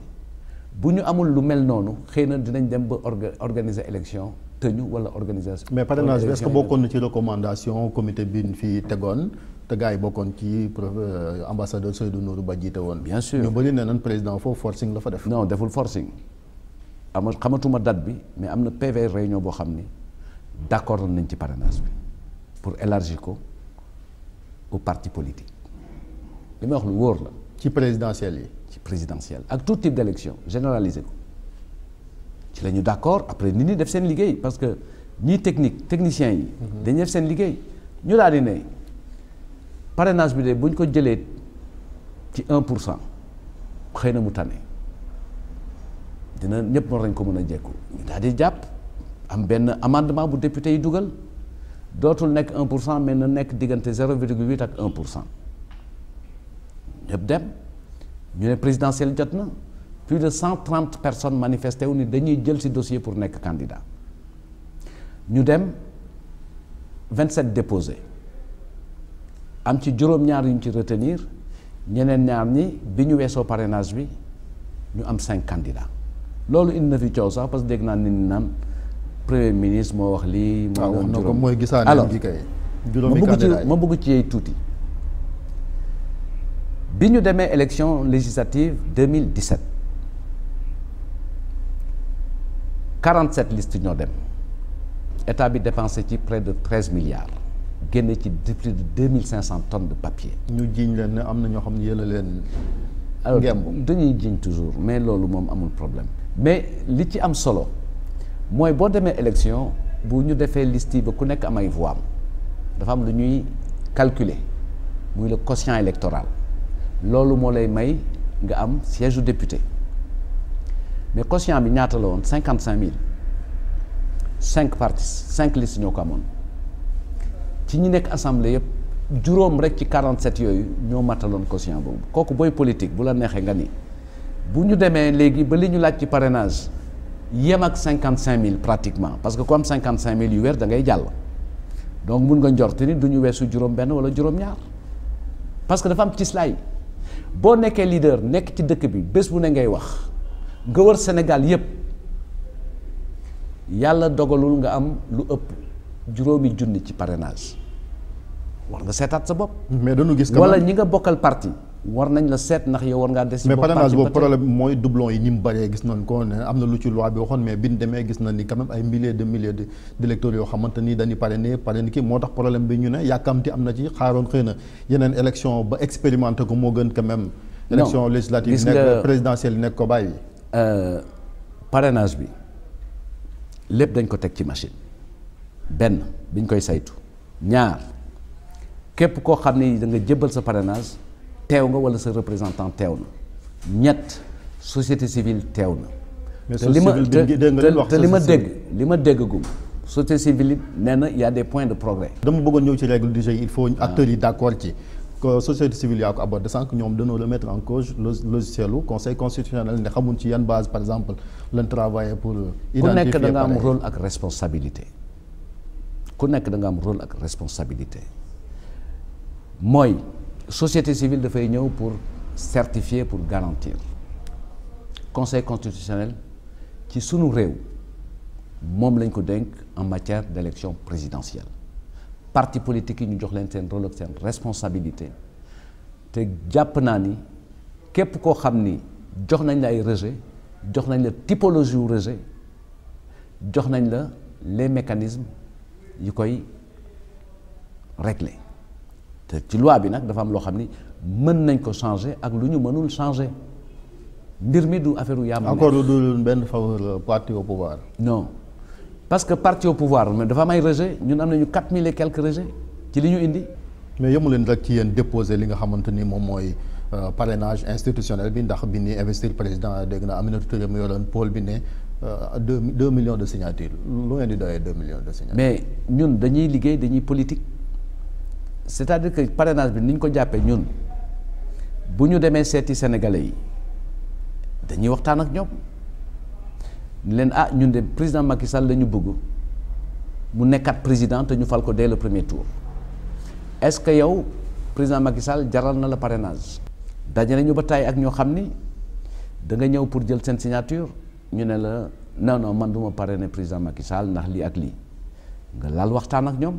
bu ñu amul lu mel noonu xëy na dinañ dem ba organiser élection tëñu wala organisation. mais parrainage est-ce que bokkoon na ci recommandation comité bi ñu fi tegoon te gars yi bokkoon ci euh, ambassadeur Seydou Nourou ba jiite woon. bien sûr ñu bëri ne nan président foofu forcing la fa def. non deful forcing. ama xamatuma date bi mais am na PV réunion boo xam ni d'accord nañ ci parrainage bi pour élargie ko au parti politique li may wax lu wóor la. ci présidentielle yi. ci présidentielle ak tout type d'élection généraliser ko ci la ñu d'accord après nit ñi def seen liggéey parce que ñii technique techniciens yi. Mhm. dañuy def seen liggéey ñu daal di ne parrainage bi de bu ñu ko jëlee ci 1 pour cent xëy na mu tane. dina ñëpp war nañ ko mën a jekku ñu daal jàpp am benn amandement bu député yi dugal dootul nekk un pour cent mais na nekk diggante 0,8 ak 1 pour cent ñëpp dem ñu ne présidentielle jot na plus de 130 personnes manifesté wu ni dañuy jël ci dossier pour nekk candidat ñu dem vingt 27 déposé am ci juróom-ñaar yu ñu ci retenir ñeneen ñaar ñi bi ñu weesoo parenage bi ñu am cinq candidats loolu indi na fi coow sax parce que dégg naa nit ñi naan premier ministre moo wax lii. moo doon juróom waaw mooy gisaane bi kay. juróomi candidat ma bëgg ci tuuti. bi ñu demee élection législative 2017 47 listes ñoo dem état bi dépensé ci près de 13 milliards génne ci plus de 2500 tonnes de papier. ñu jiiñ leen ne am na ñoo xam ne yële leen. alors dañuy jiiñ toujours mais loolu moom amul problème. mais li ci am solo mooy boo demee élection bu ñu defee list yi ba ku nekk amay ay am dafa am lu ñuy calculer muy le quotient électoral loolu moo lay may nga am siège u député mais quotient bi ñaata la woon cinquante cinq mille cinq partis cinq listes ñoo ko amoon ci ñi nekk assemblée yëpp juróom rek ci quarante sept yooyu ñoo mataloon quotient boobu kooku booy politique bu la neexee nga ni bu ñu demee léegi ba li ñu laaj ci parrainage yem ak cinquante cinq mille pratiquement parce que ku am cinquante cinq mille yu weer da ngay jàll donc mun nga njort ni du ñu weesu juróom-benn wala juróom-ñaar parce que dafa am cislaay boo nekkee leader nekk ci dëkk bi bés bu ne ngay wax nga wër Sénégal yépp yàlla dogalul nga am lu ëpp juróomi junni ci parenage war nga seetaat sa bopp. mais dañu gis wala ñi nga bokkal parti. war nañ la seet ndax yow war ngaa des. mais parrainage boobu problème mooy doublon yi ni mu bëree gis nañ ko ne am na lu ci loi bi waxoon mais bi ñu demee gis nañ ni quand même ay milliers de milliers de d'électeurs yoo xamante ni dañuy parrainé parrainé kii moo tax problème bi ñu ne yàkkamti am na ci xaaroon xëy na yeneen élection ba expérimenté ko moo gën quand même. élection législative nekk présidentielle nekk ko bàyyi. Euh, parrainage bi lépp dañ ko teg ci machine benn biñ koy saytu ñaar képp koo xam ne da nga sa parrainage. teew nga wala sa représentant teew na ñett société civile teew na. te li ma te li ma dégg li ma dégg gum société civile nee na y a des points de progrès. dama bëggoon ñëw ci règle du jeu il faut ah. acteurs yi d'accord ci. que société civile yaa ko abordé sànq ñoom dañoo remettre en cause logiciel u conseil constitutionnel ne xamuñ ci yan base par exemple lan travailler pour. identifier ku nekk da nga am rôle ak responsabilité ku nekk da nga am rôle ak responsabilité mooy. société civile dafay ñëw pour certifier pour garantir conseil constitutionnel ci sunu réew moom lañ ko dénk en matière d' élection présidentielle parti politique yi ñu jox leen seen rôle seen responsabilité te jàpp naa ni képp koo xam ni jox nañ la ay rejet jox nañ la typologie wu rejet jox nañ la les mécanismes yu koy régler te ci loi bi nag dafa am loo xam ni mën nañ ko changer ak lu ñu mënul changer mbir mi du affaire yaa ma encore du benn faveur euh, parti au pouvoir. non parce que parti au pouvoir dafa am ay rejet ñun am nañu quatre mille et quelques rejets ci li ñu indi. mais yëmu leen rek ci yéen déposer li nga xamante ni moom mooy euh, parrainage institutionnel bi ndax bi ni investir président dégg na Aminata Touré mu yoroon pôle bi ne euh, deux deux millions de signatures lu ngeen di doyee de signatures. mais ñun dañuy liggéey dañuy politique. c'est-à-dire que parrainage bi ni ñu ko jàppee ñun bu ñu demee seeti sénégalais yi dañuy waxtaan ak ñoom ñu leen ah ñun de président Macky Sall la ñu bëgg mu nekkaat président te ñu fal ko dès le premier tour est-ce que yow président Macky jaral na la parrainage. daje nañu ba tàyyi ak ñoo xam ni da nga ñëw pour jël seen signature ñu ne la non non man du pare ne président Macky Sall ndax lii ak lii nga laal waxtaan ak ñoom.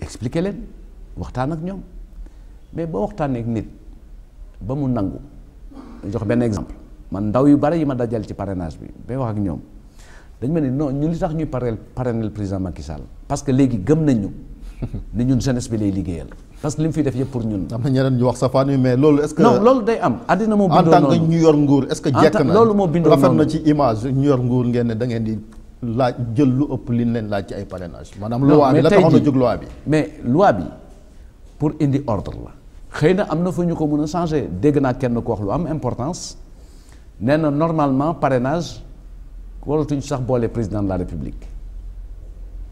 expliquer leen waxtaan ak ñoom mais ba waxtaanee ak nit ba mu nangu jox benn exemple man ndaw yu bari yi ma dajal ci parrainage bi bay wax ak ñoom dañ ma ne non ñun li tax ñuy parrain parrainel président Macky léegi gëm nañu ni ñun jeunesse bi lay liggéeyal parce li mu fi def yëpp pour ñun. am na ñeneen ñu wax safaan wi mais loolu. est loolu day am. àddina moo bindoo noonu en tant que ñu nguur est ce jekk na loolu moo bindoo noonu rafet na ci image ñu yor ngeen ne da ngeen di. laaj jël lu ëpp li leen laaj ci ay parrainage maanaam loi bi la taxoon a jóg loi bi mais loi bi pour indi ordre la xëy na am na fu ñu ko mën a changer dégg naa kenn ko wax lu am importance nee na normalement parrainage waratuñ sax boole président la république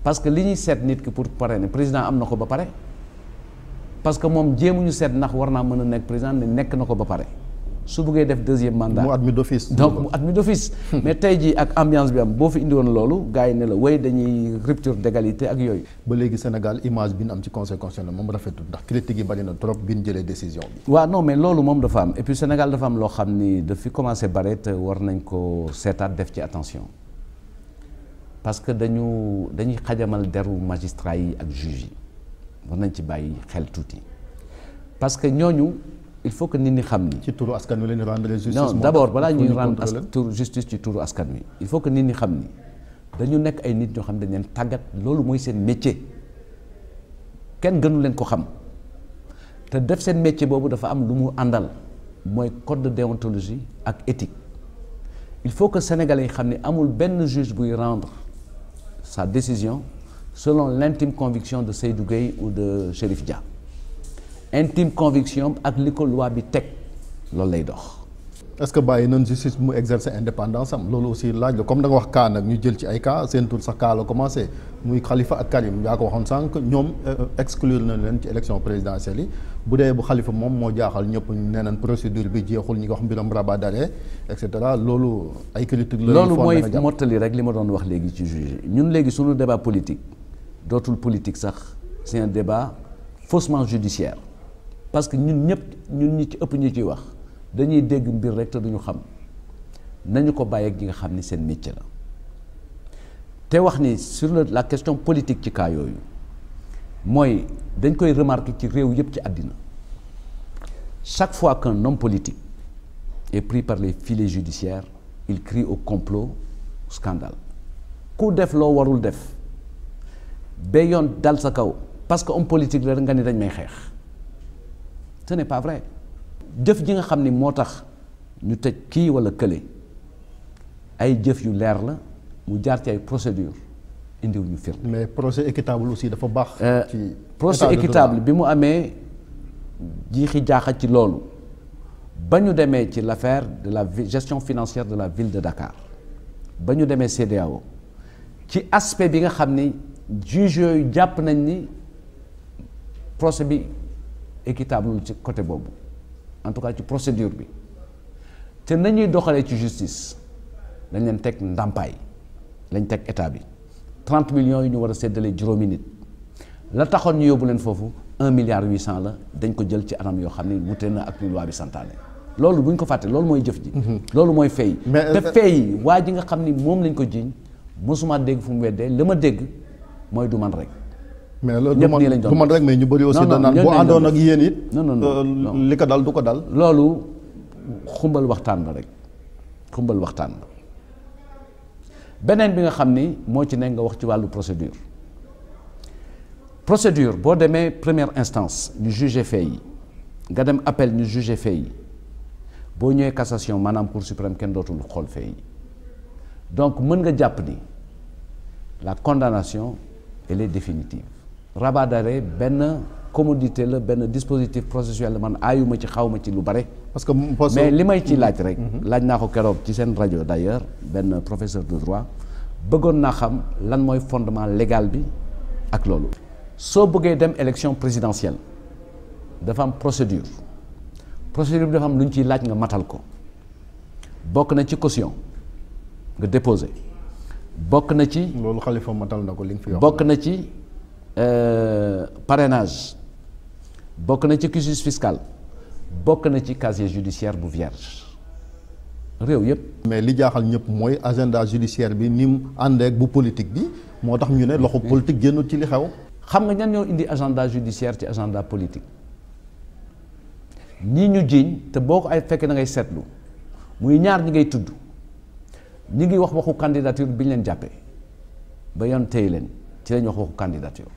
parce que li ñuy seet nit ki pour parrainer président am na ko ba pare parce que moom jéemuñu seet ndax war naa mën a nekk président ne nekk na ko ba pare su bëggee def deuxième mandat. mu admis d'office. donc mu mais tey ji ak ambiance bi am boo fi indi loolu gars yi ne la way dañuy rupture d'égalité ak yooyu. ba léegi Sénégal image bi ñu am ci conseil la moom rafetul ndax critique bari na trop bi ñu jëlee décision bi. waaw non mais loolu moom dafa am et puis Sénégal dafa am loo xam ni daf fi commencé bare te war nañ ko seetaat def ci attention parce que dañu dañuy xajamal deru magistrat yi ak juge yi war nañ ci bàyyi xel que il faut que nit ñi xam ni. ci turu askan wi la ñuy rendre justice. non d'abord balaa ñuy rendre turu justice ci turu askan wi. il faut que nit ñi xam ni dañu nekk ay nit ñoo xam dañ leen tàggat loolu mooy seen métier kenn gënu leen ko xam te def seen métier boobu dafa am lu mu àndal mooy code de déontologie ak éthique il faut que sénégalais yi xam ni amul benn juge buy rendre sa décision selon l'intime conviction de Seydou Gueye ou de Chérif Dia. intime conviction ak li ko loi bi teg loolu lay dox. est-ce que bàyyi nañ justice mu exercer indépendance am loolu aussi laaj la comme da nga wax kaa nag ñu jël ci ay cas seen tur sax kaa la commencé muy Khalifa ak Karim yaa ko waxoon sànq ñoom euh, exclure na leen ci élection présidentielle yi bu dee bu xalifa moom moo jaaxal ñëpp nee nañ procédure bi jeexul ñi nga wax mbiram rabat d'arrêt et cetera loolu ay critique la loolu mooy mottali rek li ma doon wax léegi ci juge ñun léegi suñu débat politique dootul politique sax c'est un débat faussement judiciaire parce que ñun ñëpp ñun ñu ci ëpp ñu ciy wax dañuy dégg mbir rek te duñu xam nañu ko bàyyi ak ñi nga xam ni seen métier la te wax ni sur la question politique ci cas yooyu mooy dañ koy remarquer ci réew yëpp ci àddina chaque fois qu'un homme politique est pris par les filets judiciaires il crie au complot au scandale ku def loo warul def ba yoon dal sa kaw parce que homme politique la rek nga ni dañ may xeex te n'est pas vrai jëf ji nga xam ni moo tax ñu tej kii walla kële ay jëf yu leer la mu jaar ci ay procédure indiw ñu mais procès équitable aussi dafa baax. Euh, ci équitable bi mu amee jiixi jaaxa ci loolu ba ñu demee ci l'affaire de la gestion financière de la ville de Dakar ba ñu demee CEDEAO ci aspect bi nga xam ni juge yu jàpp nañ ni procès bi. équitable ci côté boobu en tout cas ci procédure bi te nañuy doxalee ci justice dañ leen teg ndàmpaay lañ teg état bi 30 millions yi ñu war a seddalee juróomi nit la taxoon ñu yóbbu leen foofu 1 milliard cent la dañ ko jël ci anam yoo xam ne wute na ak lu loi bi santaane loolu buñ ko fàttee loolu mooy jëf ji. Mhm. loolu mooy fay. Euh, te fay waa ji nga xam ni moom lañ ko jiiñ mosuma dégg fu mu weddee li ma dégg mooy du man rek. mais loolu du man du man rek mais ñu bëri aussi. danaan bu àndoon ak yéen it. non euh, non li ko dal du ko dal. loolu xumbal waxtaan la rek xumbal waxtaan la beneen bi nga xam ni moo ci nekk nga wax ci wàllu procédure procédure boo demee première instance ñu jugé fait yi nga dem appel ñu jugé fait yi boo ñëwee cassation maanaam cour suprême kenn dootul xool fait yi donc mën nga jàpp ni la condamnation elle est rabat d'arrêt benn commodité la benn dispositif processuel la man aayuma ci xawma ci lu bare. parce que mais li may ci laaj rek. Mhm. laaj naa ko keroog ci seen rajo d'ailleurs benn professeur de droit bëggoon naa xam lan mooy fondement légal bi ak loolu. soo bëggee dem élection présidentielle dafa am procédure procédure bi dafa am lu ñu ciy laaj nga matal ko bokk na ci caution nga déposé bokk na ci. loolu Khalifa matal na ko li bokk na ci. Euh, parrainage bokk na ci cursus fiscal bokk na ci casier judiciaire bu vierge réew yëpp. mais li jaaxal ñëpp mooy agenda judiciaire bi ni mu àndee bu politique bi moo tax ñu ne loxo politique génnul ci li xew. xam nga ñan ñoo indi agenda judiciaire ci agenda politique ñii ñu jiiñ te boo ko ay fekkee da ngay seetlu muy ñaar ñi ngay tudd ñi ngi wax waxu candidature bi ñu leen jàppee ba yoon téye leen ci lañ wax waxu candidature.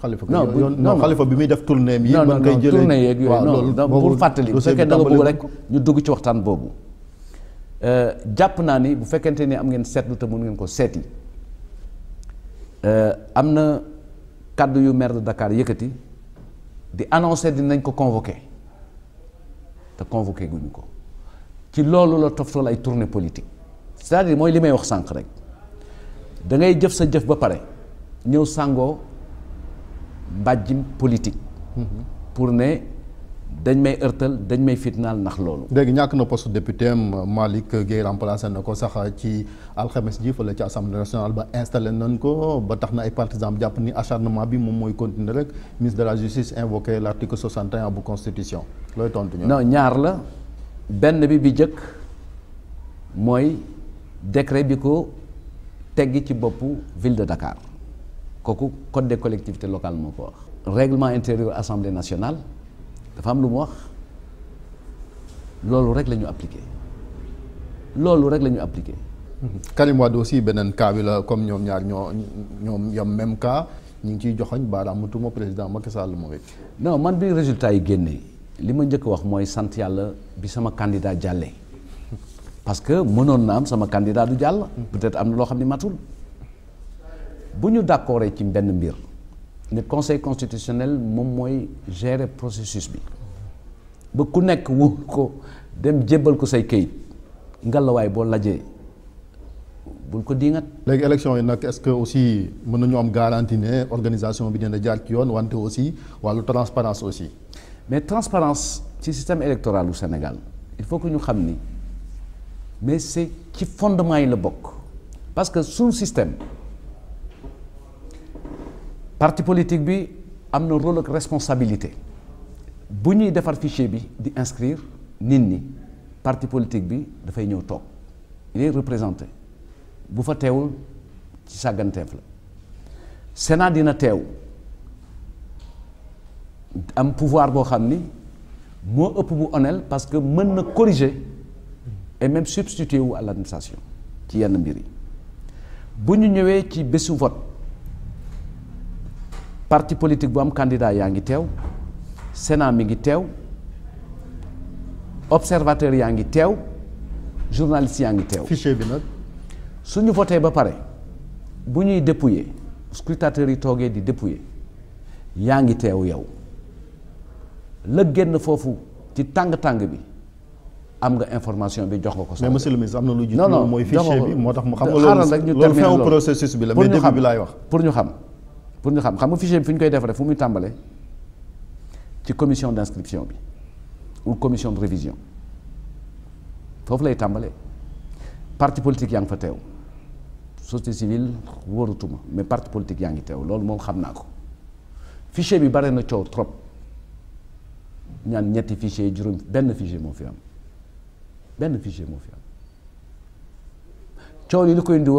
xalifa non non xalifa bi muy def tournée yi. mën ngay jëlee tournée yeeg yooyu non donc pour fàttali bu fekkee da nga bëgg rek ñu dugg ci waxtaan boobu. Euh, jàpp naa ni bu fekkente ni am ngeen seetlu te mën ngeen ko seeti euh, am na kàddu yu mer de Dakar yëkkati di annoncé nañ ko convoqué te convoqué guñu ko ci loolu la toftal ay tournée politique cest à mooy li may wax sànq rek dangay jëf sa jëf ba pare ñëw sàngoo. bàjjim politique. Mhm. pour ne dañ may ërtal dañ may fitnaal ndax loolu. léegi ñàkk na poste député Malick Guèye remplacé na ko sax ci alxemes ji fële ci assemblée nationale ba installé nañ ko ba tax na ay partisans jàpp ni acharnement bi moom mooy continuer rek ministre de la justice invoqué l' article 61 bu constitution looy tontu ñoom. non ñaar la benn bi bi jëkk mooy décret bi ko teggi ci boppu ville de Dakar. kooku code des collectivités locales moo ko wax. règlement intérieur assemblée nationale dafa am lu mu wax loolu rek lañu ñu loolu rek lañu ñu appliqué. Karim Wade aussi beneen cas comme ñoom ñaar ñoo ñoom yam même cas ñu ngi ciy joxoñ baaraamu tuuma président Macky Sall moom it. non man bi résultat yi génnee li ma njëkk wax mooy sant yàlla bi sama candidat jàllee parce que mënoon na am sama candidat du jàll. peut-être am na loo xam ne matul. bu ñu d'accord ci benn mbir ne conseil constitutionnel moom mooy gérer processus bi ba ku nekk wu ko dem jébbal ko say kayit ngelawaay boo lajee bul ko diingat. léegi élection yi nag est-ce que aussi mën nañu am garantie ne organisation bi dina jaar ci yoon wante aussi wàllu transparence aussi. mais transparence ci système électoral bu Sénégal il faut que ñu xam ni mais c'est ci fondement yi la bokk parce que suñu système. parti politique bi am na rôle ak responsabilité bu ñuy defar fichier bi di inscrire nit ñi parti politique bi dafay ñëw toog il est bu fa teewul ci sàgganteef la Sénat dina teew am pouvoir boo xam ni moo ëpp bu onel parce que mën na corriger et même substituer wu à ci yenn mbir yi bu ñu ñëwee ci bésu vote parti politique bu am candidat yaa ngi teew Sénat mi ngi teew observateur yaa ngi teew journaliste yaa ngi teew. fichier bi nag. su ñu voté ba pare bu ñuy dépouiller scrutateurs yi toogee di dépouiller yaa ngi teew yow la génn foofu ci tàng-tàng bi am nga information bi jox nga ko. mais monsieur na bi moo tax mu loolu processus bi la mais début bi wax pour ñu xam. pour ñu xam xam nga fichier bi fi ñu koy defaree fu muy tàmbale ci commission d'inscription bi ou commission de révision foofu lay tàmbalee parti politique yaa ngi fa teew société civile wóoratuma mais parti politique yaa ngi teew loolu moom xam naa ko fichier bi bare na coow trop ñaan ñetti fichier juróom benn fichier moo fi am benn fichier moo fi am coow li li koy indi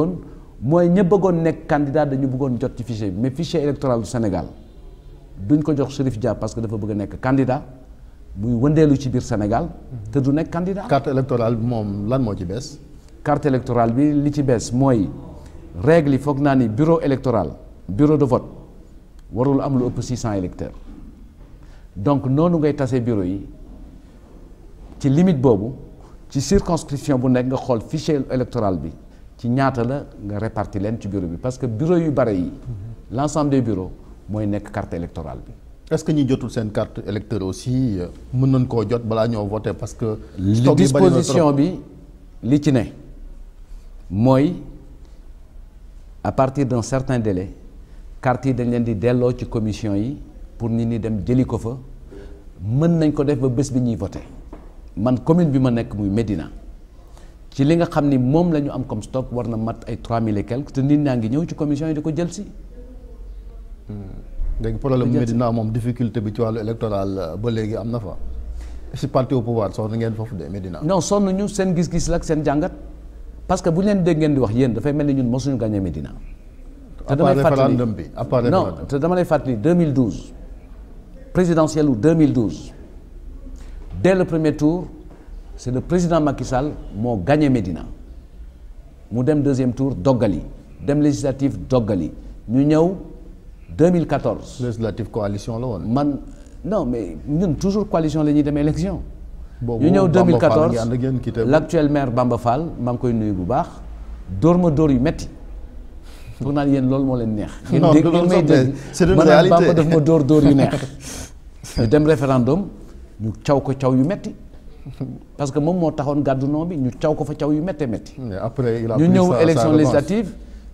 mooy ña bëggoon nekk candidat dañu bëggoon jot ci fichier bi mais fichier électoral du Sénégal duñ ko jox Chérif Dia parce que dafa bëgg a nekk candidat muy wëndeelu ci biir Sénégal te du nekk candidat. carte électorale bi moom lan moo ci bees. carte électorale bi li ci bees mooy règle foog naa ni bureau électoral bureau de vote warul am lu ëpp six cent électeurs donc noonu ngay tase bureau yi ci limite boobu ci circonscription bu nekk nga xool fichier électoral bi. ci ñaata la nga réparti leen ci bureau bi parce que bureau yu bare yi l' ensemble mooy nekk carte électorale bi est-ce que ñi jotul seen carte électeur aussi euh, mën nañ koo jot balaa ñoo voté parce que li disposition bi li ci ne mooy à partir d'un certain délai carte yi dañ leen di delloo ci commission yi pour nit ñi dem jëli ko fa mën nañ ko def ba bés bi ñuy voté man commune bi ma nekk muy Médina ci li nga xam ni moom la ñu am comme stock war na mat ay 3000 et quelque te nit ñaa ngi ñëw ci commission yi di ko jël si. léegi hmm. problème Médina moom difficulté bi ci wàllu électoral euh, ba léegi am na fa. si parti au pouvoir sonn ngeen foofu de Médina. non sonn ñu seen gis-gis la ak seen jàngat parce que bu leen dégg ngeen di wax yéen dafay mel ni ñun mosuñu gagné Médina. te damay fàttali bi non te dama lay fàttali 2012 présidentielle u 2012 dès le premier tour. c'est le président Macky Sall moo gagné Médina mu dem deuxième tour doggali dem législative doggali ñu ñëw 2014. législative coalition la woon. man non mais ñun toujours coalition la ñuy demee élection. ñu ñëw 2014 l'actuel maire Bamba Fall maa ngi koy nuyu bu baax dóor ma door yu metti foog naa yéen loolu moo leen neex. non du loolu sax mais c'est une réalité yéen Bamba daf ma dóor dóor yu neex. ñu dem référendum ñu caw ko caw yu metti parce que moom moo taxoon gàddu nom bi ñu caw ko fa caw yu méttee métti. après il a ñu ñëw élection législative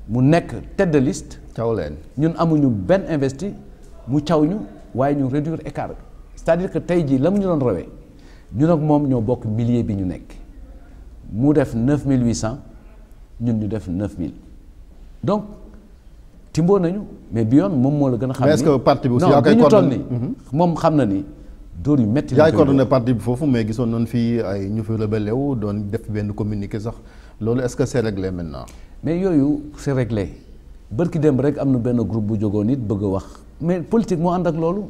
mu nekk tedd list liste. leen ñun amuñu benn investi mu caw ñu waaye ñu réduire écart bi cest que tey jii la mu ñu doon rawee ñun ak moom ñoo bokk millier bi ñu nekk mu def cent ñun ñu def 9000 donc timboo nañu mais bi yoon moom moo la gën a. xam ni mais parti bi aussi ñu toll nii moom xam na nii dóor yu métti yaay coordonné parti bi foofu may gisoon nañu fii ay ñu fi rebelle wu doon def benn communiqué sax loolu est-ce que c'est réglé maintenant. mais yooyu c'est réglé bërki dem rek am na benn groupe bu jógoon nit bëgg a wax mais politique moo ànd ak loolu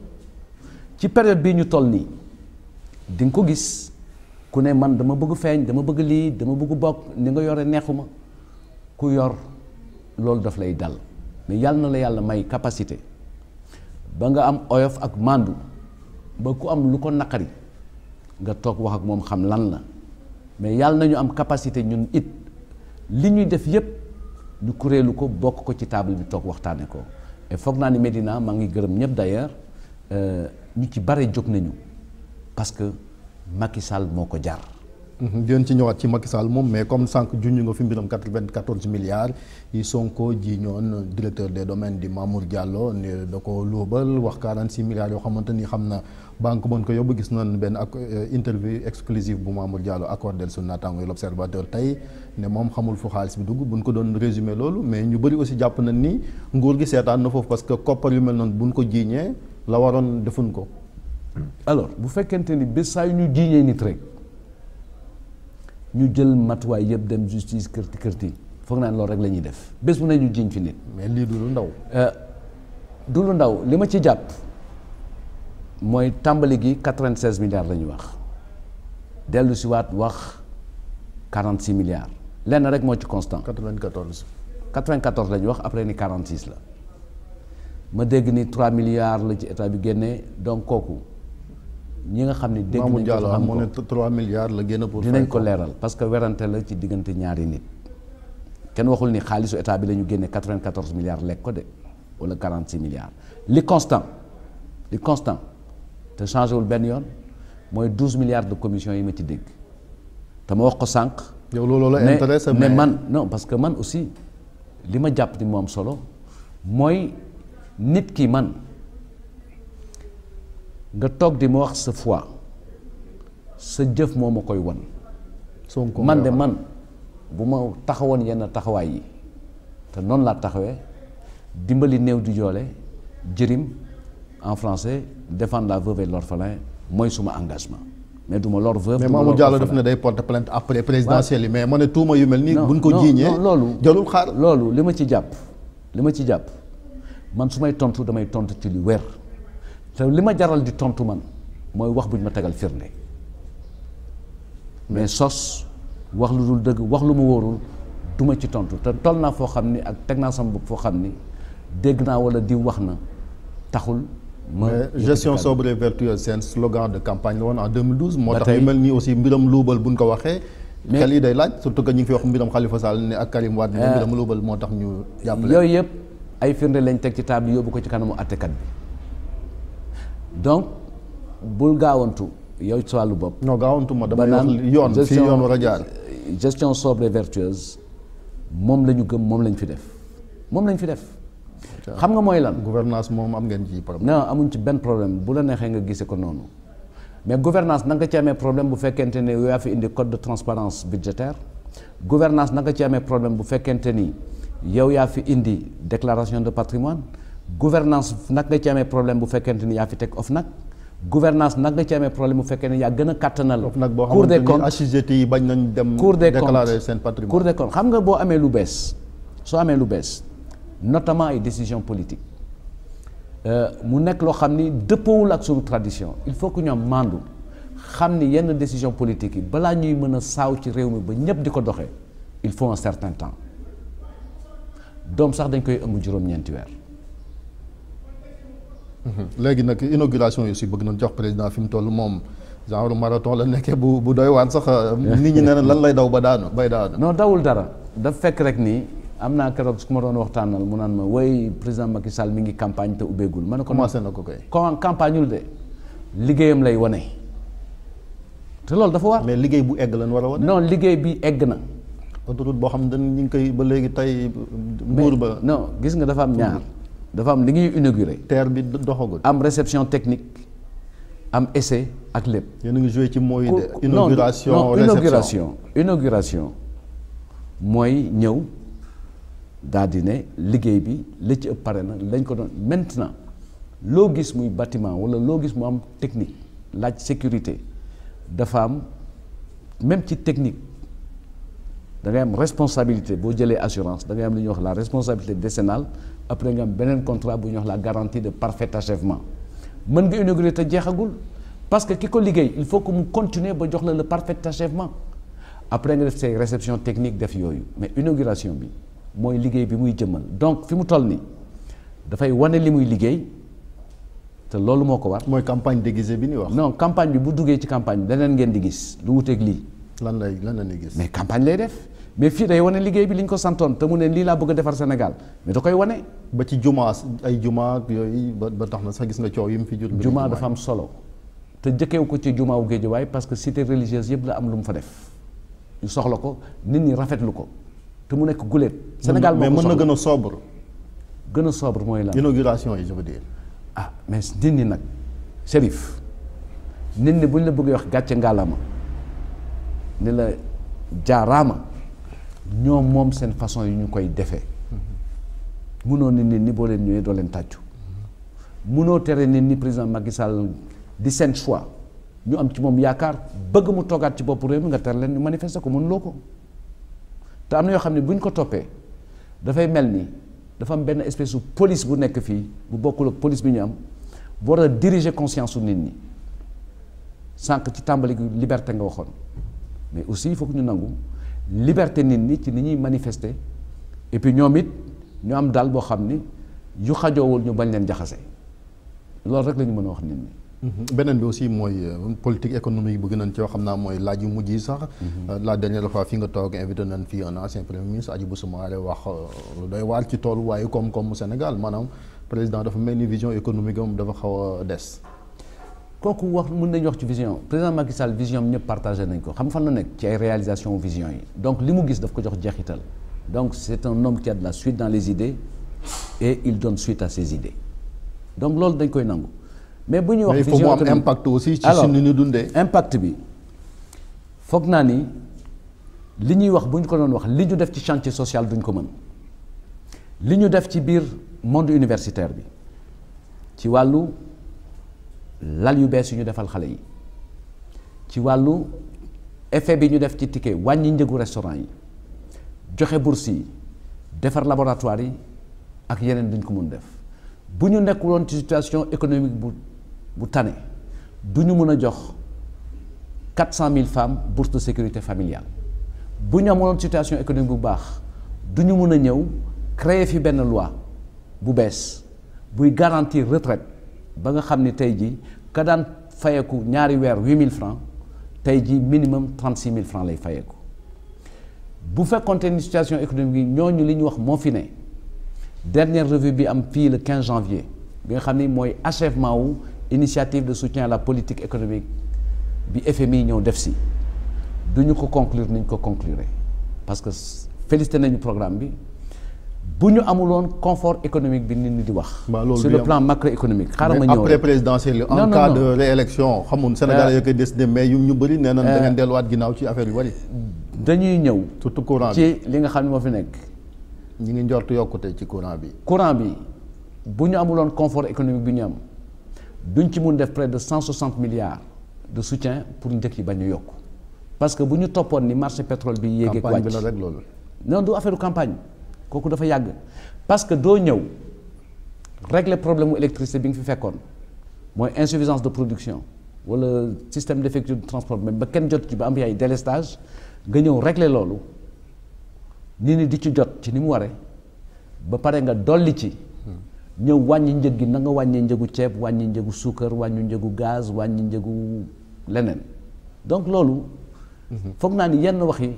ci période bii ñu toll nii di nga ko gis ku ne man dama bëgg feeñ dama bëgg lii dama bëgg bokk ni nga yore neexuma ku yor loolu daf lay dal mais yàlla na la yàlla may capacité ba nga am oyof ak màndu ba ku am lu ko naqari nga toog wax ak moom xam lan la mais yàlla nañu am capacité ñun it li ñuy def yépp ñu kuréelu ko bokk ko ci table bi toog waxtaane ko foog naa ni Medina maa ngi gërëm ñëpp d'ailleurs euh, ñu ci bare jóg nañu parce que Macky Sall moo ko jar. Mm-hmm. dinañ ci ñëwaat ci Macky Sall moom mais comme sànq junj nga fi mbiram quatre-vingt-quatorze milliards yi Sonko ji ñoon directeur des domaines di Mamour jàlloo ne da ko luubal wax quarante-six milliards yoo xamante ni xam na. banque mën ko yóbbu gis nañ benn ak euh, interview exclusive bu Mamour Diallo accordé suñu naataango l'observateur tey ne moom xamul fu xaalis bi dugg buñ ko doon résumé loolu mais ñu bëri aussi jàpp nañ ni nguur gi seetaan na foofu parce que koppar yu mel noonu buñ ko jiiñee la waroon defuñ ko. alors bu fekkente ni bés saa yu ñu jiiñee nit rek ñu jël matuwaay yëpp dem justice kërti kërti foog naa loolu rek la ñuy def bés bu ne ñu jiiñ fi nit. mais lii du lu ndaw. Euh, du lu ndaw li ma ci jàpp. mooy tàmbali gi 96 milliards la ñu wax dellu si waat wax 46 milliards lenn rek moo ci constant. 94. 94 la ñu wax après ni 46 la ma dégg ni 3 milliards la ci état bi génnee donc kooku ñi nga xam ne. dégg nañ ko xam ko ne 3 milliards la génne pour. dinañ ko leeral parce que werante la ci diggante ñaari nit kenn waxul ni xaalisu état bi la ñu génne 94 milliards lekk ko de wala 46 milliards li constant li constant. te changé wul benn yoon mooy douze milliards de commission yi ma ci dégg te ma wax ko sànq. yow loolu mais man non parce que man aussi li ma jàpp ni moom solo mooy nit ki man nga toog di ma wax sa foi sa jëf moom ma koy won Sonko man de man bu ma taxawoon yenn taxawaay yi te noonu laa taxawee dimbali néew di joole jërim. en français défendre la veuve et l'orphelin mooy suma engagement mais du ma lor veuve. mais Mamour Diallo daf ne day porter plainte après présidentielle yi mais ma ne tuuma yu mel nii. buñ ko jiiñee loolu jarul xaar. loolu li ma ci jàpp li ma ci jàpp man su may tontu damay tontu ci lu wér te li ma jaral di tontu man mooy wax buñ ma tegal firnde mais sos wax lu dul dëgg wax lu mu wóorul du ci tontu te toll naa foo xam ni ak teg naa sama bopp foo xam ni dégg naa wala di wax na taxul. mais gestion sobre et vertueuse seen slogan de campagne la woon en 2012. moo tax ñu mel nii aussi mbiram luubal buñ ko waxee. mais xel yi day laaj surtout que ñu ngi fi wax mbiram Khalifa Sall ne ak Karim Wade. ne ah. mbiram luubal moo tax ñu. jàppale yooyu yëpp ay firnde lañ teg ci table yóbbu ko ci kanamu àttekat bi donc bul gaawantu yow ci wàllu bopp. non gaawantu ma damay wax yoon fi yoon war a jaar gestion sobre et vertueuse moom lañu ñu gëm moom la fi def moom la fi def. xam nga mooy lan. gouvernance moom am ngeen ci problème. non amuñ ci benn problème bu la neexee nga gisee ko noonu mais gouvernance na nga ci amee problème bu fekkente ne yaa fi indi code de transparence budgétaire amee problème bu fekkente ni yow yaa fi indi déclaration de patrimoine gouvernance nag nga ci amee problème bu fekkente ni yaa fi teg OFNAC gouvernance nag nga ci amee problème bu fekkee ne yaa gën a kattanal. cour des comptes HGT yi bañ nañ dem. cour des comptes déclarer seen patrimoine cour des comptes xam nga boo amee lu bees soo amee lu bees. notamment ay décisions politiques euh, mu nekk loo xam ni dëppawul ak suñu tradition il faut que ñoom mandu xam ni yenn décision politique yi balaa ñuy mën a saaw ci réew mi ba ñëpp di ko doxe il faut un certain temps doom sax dañ koy ëmb juróom-ñeenti weer. Mhm. léegi nag inauguration yi si bëgg nañ jox président fi mu toll moom genre marathon la nekkee bu bu doy waan sax. Euh, nit ñi ne lan lay daw ba daanu bay daanu. non dawul dara daf fekk rek ni. am naa keroog su ma doon waxtaanal mu naan ma way président Macky Sall mi ngi campagne te ubbeegul. ma ne ko commencé na ko kay. campagneul de liggéeyam lay wane. te loolu dafa war. mais liggéey bu egg lan war a wane. non liggéey bi egg na. autoroute boo xam ne ñu ngi koy ba léegi tey. buur ba non gis nga dafa am ñaar. dafa am li ñuy inauguré. terre bi doxagul. am réception technique am essai ak lépp. yéen a ngi ci mooy. inauguration réception non inauguration inauguration mooy ñëw. daal di ne liggéey bi la ci ëpp pare na lañ ko doon maintenant loo gis muy batiment wala loo gis mu am technique laaj sécurité dafa am même ci technique da ngay am responsabilité boo jëlee assurance da ngay am lu ñuy wax la responsabilité décennale après nga am beneen contrat bu ñuy wax la garanti de parfait achèvement mën nga inaugurer te jeexagul parce que ki ko liggéey il faut que mu continuer ba jox la le parfait achèvement après nga def say réception technique def yooyu mais inauguration bi mooy liggéey bi muy jëmmal donc fi mu toll nii dafay wane li muy liggéey te loolu moo ko war. mooy campagne déguisée bi ni wax. non campagne bi bu duggee ci campagne bi leneen ngeen di gis lu wuteeg lii. lan lay lan la ñuy gis. mais campagne lay def mais fii day wane liggéey bi li ñu ko santoon te mu ne lii laa bëgg a defar Sénégal mais da koy wane. ba ci juma ay juma yooyu ba tax na sax gis nga coow yi mu fi jur. jumaa dafa am solo. te jëkkeewu ko ci jumaa wu Géejawaay parce que cité religieuse yëpp la am lu fa def soxla ko nit ñi rafetlu ko. te mu nekk guléet. Sénégal mais mën na gën a sobre. gën a sobre mooy lan inauguration yi je veux dire. ah mais nit ñi nag Chérif nit ñi bu ñu la bëggee wax gàcce ngàllama ni la jaaraama ñoom moom seen façon yi ñu koy defee munoo nit ñi ni boo leen ñëwee doo leen tàccu munoo tere nit ñi président Macky Sall di seen choix ñu am ci moom yaakaar bëgg mu toogaat ci bopp réew mi nga tere leen ñu ko ko loo ko. te am na yoo xam ne bu ñu ko toppee dafay mel ni dafa am benn espèce su police bu nekk fii bu bokkul ak police bi ñu am bu war a diriger conscience su nit ñi sànq ci tàmbali liberté nga waxoon mais aussi il ñu nangu liberté nit ñi ci ni ñuy manifesté et puis ñoom it ñu am daal boo xam ni yu xajoowul ñu bañ leen jaxase loolu rek la mën a wax nit ñi. Mhm. beneen bi aussi mooy euh, politique économique bëgg nañ ci wax xam naa mooy laaj yu mujj yi sax. Mhm. Euh, la dernière fois fi nga toog invité nañ fii un ancien premier ministre wax euh, lu doy waar ci tool waaye koom-koomu Sénégal maanaam président dafa mel ni vision économique am dafa xaw a des. kooku wax mën nañ wax ci vision président Macky Sall vision am ñëpp partagé nañ ko xam fan na nekk ci ay réalisation vision yi donc li mu gis daf ko jox jeexital donc c' est un homme qui a les idées et il donne suite à ses loolu dañ koy nangu. mais bu ñuy wax vision impact aussi ci suñu ñu dundee. impact bi foog naa ni li ñuy wax bu ñu ko doon wax li ñu def ci chantier social duñ ko mën li ñu def ci biir monde universitaire bi ci wàllu lal yu bees yu ñu defal xale yi ci wàllu effet bi ñu def ci ticket wàññi njëgu restaurant yi joxe bourse yi defar laboratoire yi ak yeneen duñ ko mun def bu ñu nekkuloon ci situation économique bu. bu tane duñu mën a jox quatre cent mille femmes bourse de sécurité familiale bu ñu amoon situation économique bu baax duñu mën a ñëw créer fi benn loi bu bees buy garantir retraite ba nga xam ni tey jii ka daan fayeku ñaari weer huit mille francs tey jii minimum trente six mille francs lay fayeku bu fekkonte ni situation économique yi ñooñu li ñu wax moo fi ne dernière revue bi am fii le quinze janvier bi nga xam ni mooy achèvement wu. initiative de soutien la politique économique bi FMI ñëw def si duñu ko conclure ni ñu ko conclure parce que félicité nañu programme bi bu ñu amuloon confort économique bi ni ñu di wax. sur le plan macroéconomique. xaaral ma ñëw après présidentielle. en cas de réélection xamul euh, Sénégal ya koy mais yu ñu bëri nee na da ngeen delluwaat ginnaaw ci affaire yu bari. dañuy ñëw. surtout courant bi li nga xam ne moo fi nekk. ñu ngi njort yokkute ci courant bi. courant bi bu ñu amuloon confort économique bi ñu am. duñ ci mun def près de cent soixante milliards de soutien pour njëkk yi bañ a yokk parce que bu ñu toppoon ni marché pétrole bi. yéeg ak wàcc campagne bi la rek loolu. non du affaire campagne kooku dafa yàgg parce que doo ñëw régler problème mu bi nga fi fekkoon mooy insuffisance de production wala système d'effectif de transport même ba kenn jot ci ba am yaay délestage nga ñëw regle loolu nit ñi di ci jot ci ni mu waree ba pare nga dolli ci. ñëw wàññi njëg gi nanga wàññee wàññi njëgu ceeb wàññi njëgu suukar wàññu njëgu gaz wàññi njëgu leneen donc loolu. foog naa ni yenn wax yi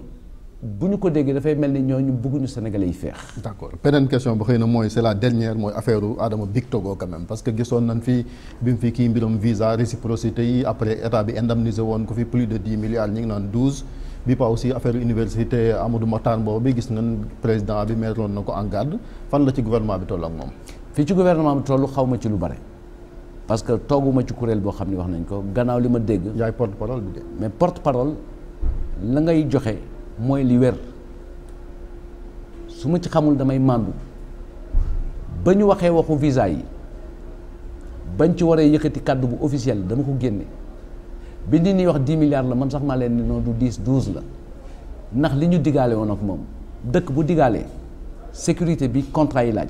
bu ñu ko déggee dafay mel ni ñooñu bëgguñu Sénégalais yi feex. d'accord beneen question ba xëy na mooy c'est la dernière mooy affaire Adama Big Togo quand même parce que gisoon nañ fi bi mu fi kii mbiram visa réciprocité yi après état bi indemnisé woon ko fi plus de dix milliards ñu ngi naan douze. bi pa aussi affaire université Amadou Mahtar boobu bi gis nañ président bi meeroon na ko en fan la ci gouvernement bi toll moom. fii ci gouvernement bi tollu xaw ma ci lu bare parce que tooguma ci kuréel boo xam ne wax nañ ko gannaaw li ma dégg. yaay porte parole bi de. mais porte parole la ngay joxe mooy li wér su ma ci xamul damay màndu ba ñu waxee waxu visa yi bañ ci waree yëkkati kàddu bu officiel dama ko génne bi nit ñi wax 10 milliards la man sax maa leen ni noonu du 10 12 la ndax li ñu digaale woon ak moom dëkk bu digaalee sécurité bi contrat yi laaj.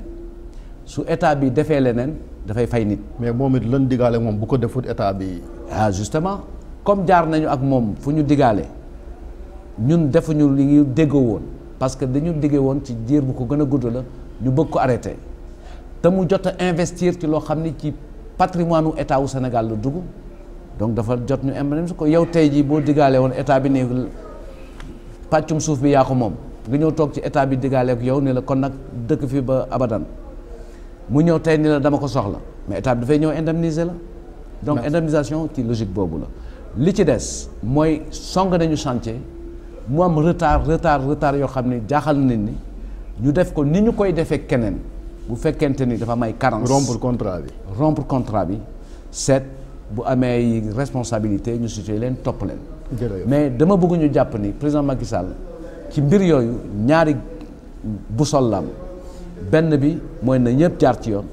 su état bi defee leneen dafay fay nit. mais moom it lan digaale moom bu ko defut état bi. ah justement comme jaar nañu ak moom fu ñu digaale ñun defuñu li ñu déggoo woon parce que dañu diggee woon ci jiir bu ko gën a gudd la ñu bëgg ko arrêté te mu jot a investir ci loo xam ni ci patrimoine état wu Sénégal lu dugg donc dafa jot ñu am su ko yow tey jii boo digaalee woon état bi ne pàccum suuf bi yaa ko moom nga ñëw toog ci état bi digaale ak yow ne la kon nag dëkk fii ba abadan. mu ñëw tey ni la dama ko soxla mais état bi dafay ñëw indemniser la donc indemnisation ci logique boobu la li ci des mooy song nañu chantier mu am retard retard retard yoo xam ne jaaxal nit ñi ñu def ko ni ñu koy defee keneen bu fekkente ni dafa may carence rompre contrat bi rompre contrat bi seet bu amee responsabilité ñu situé leen topp leen mais dama bëgg ñu jàpp ni président Macky Sall ci mbir yooyu ñaari bu sol lam benn bi mooy na ñëpp jaar ci yoon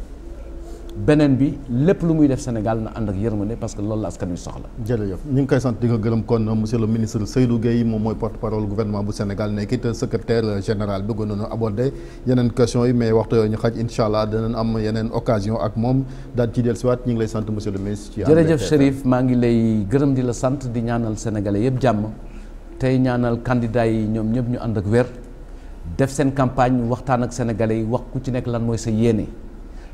beneen bi lépp lu muy def Sénégal na ànd ak yërmande parce que loolu la askan wi soxla. jërëjëf ñu ngi koy sant di ko gërëm kon monsieur le ministre Seydou Guèye moom mooy porte parole gouvernement bu Sénégal nekk it secrétaire général bëggoon nañu aborder yeneen question yi mais waxtu ñu xaj incha allah danañ am yeneen occasion ak moom daal ci dellusiwaat ñu ngi lay sant monsieur le ministre. jërëjëf Chérif maa ngi lay gërëm la sant di ñaanal sénégalais yëpp jàmm tey ñaanal candidat yi ñoom ñëpp ñu ànd ak wér. def seen campagne waxtaan ak sénégalais yi wax ku ci nekk lan mooy sa yéene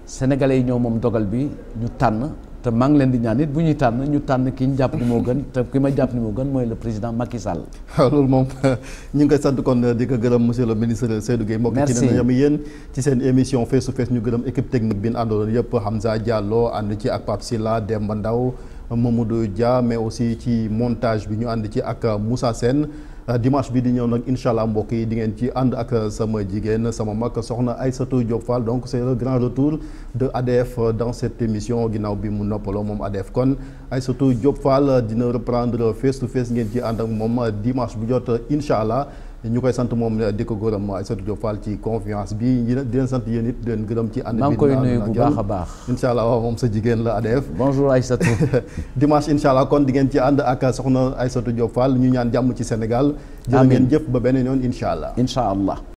sénégalais yi ñoo moom dogal bi ñu tànn te maa ngi leen di ñaan nit bu ñuy tànn ñu tànn ki ñu jàpp ni moo gën te ki ma jàpp ni moo gën mooy le président Macky Sall. waaw loolu moom ñu ngi koy sant kon di ko gërëm monsieur le ministre Seydou Guèye. merci mbokk ci yam yéen ci seen émission face to face ñu gërëm équipe technique bi ñu àndaloon yëpp Hamza Diallo ànd ci ak Pape Sylla Demba Ndaw Mamadou Dia mais aussi ci montage bi ñu ànd ci ak Moussa Sène. Euh, dimanche bi di ñëw nag incha allah mbokk yi di ngeen ci ànd ak euh, sama jigéen sama mag soxna Aïssatou Diop Fall donc c' est le grand retour de ADF euh, dans cette émission ginnaaw bi mu noppaloo moom ADF kon Aïssatou Diop Fall dina reprendre face to face ngeen ci ànd ak moom dimanche bu jot incha allah. ñu koy sant moom di ko gërëm Aïssatou Diop Fall ci confiance bi di leen sant yéen it di gërëm ci ànd bi maa koy nuyu bu baax a baax incha allah waaw moom sa jigéen la ADF bonjour Aïssatou dimanche incha allah kon di ngeen ci ànd ak soxna Aïssatou Diop Fall ñu ñaan jàmm ci Sénégal jërë ngeen jëf ba beneen yoon incha allah incha allah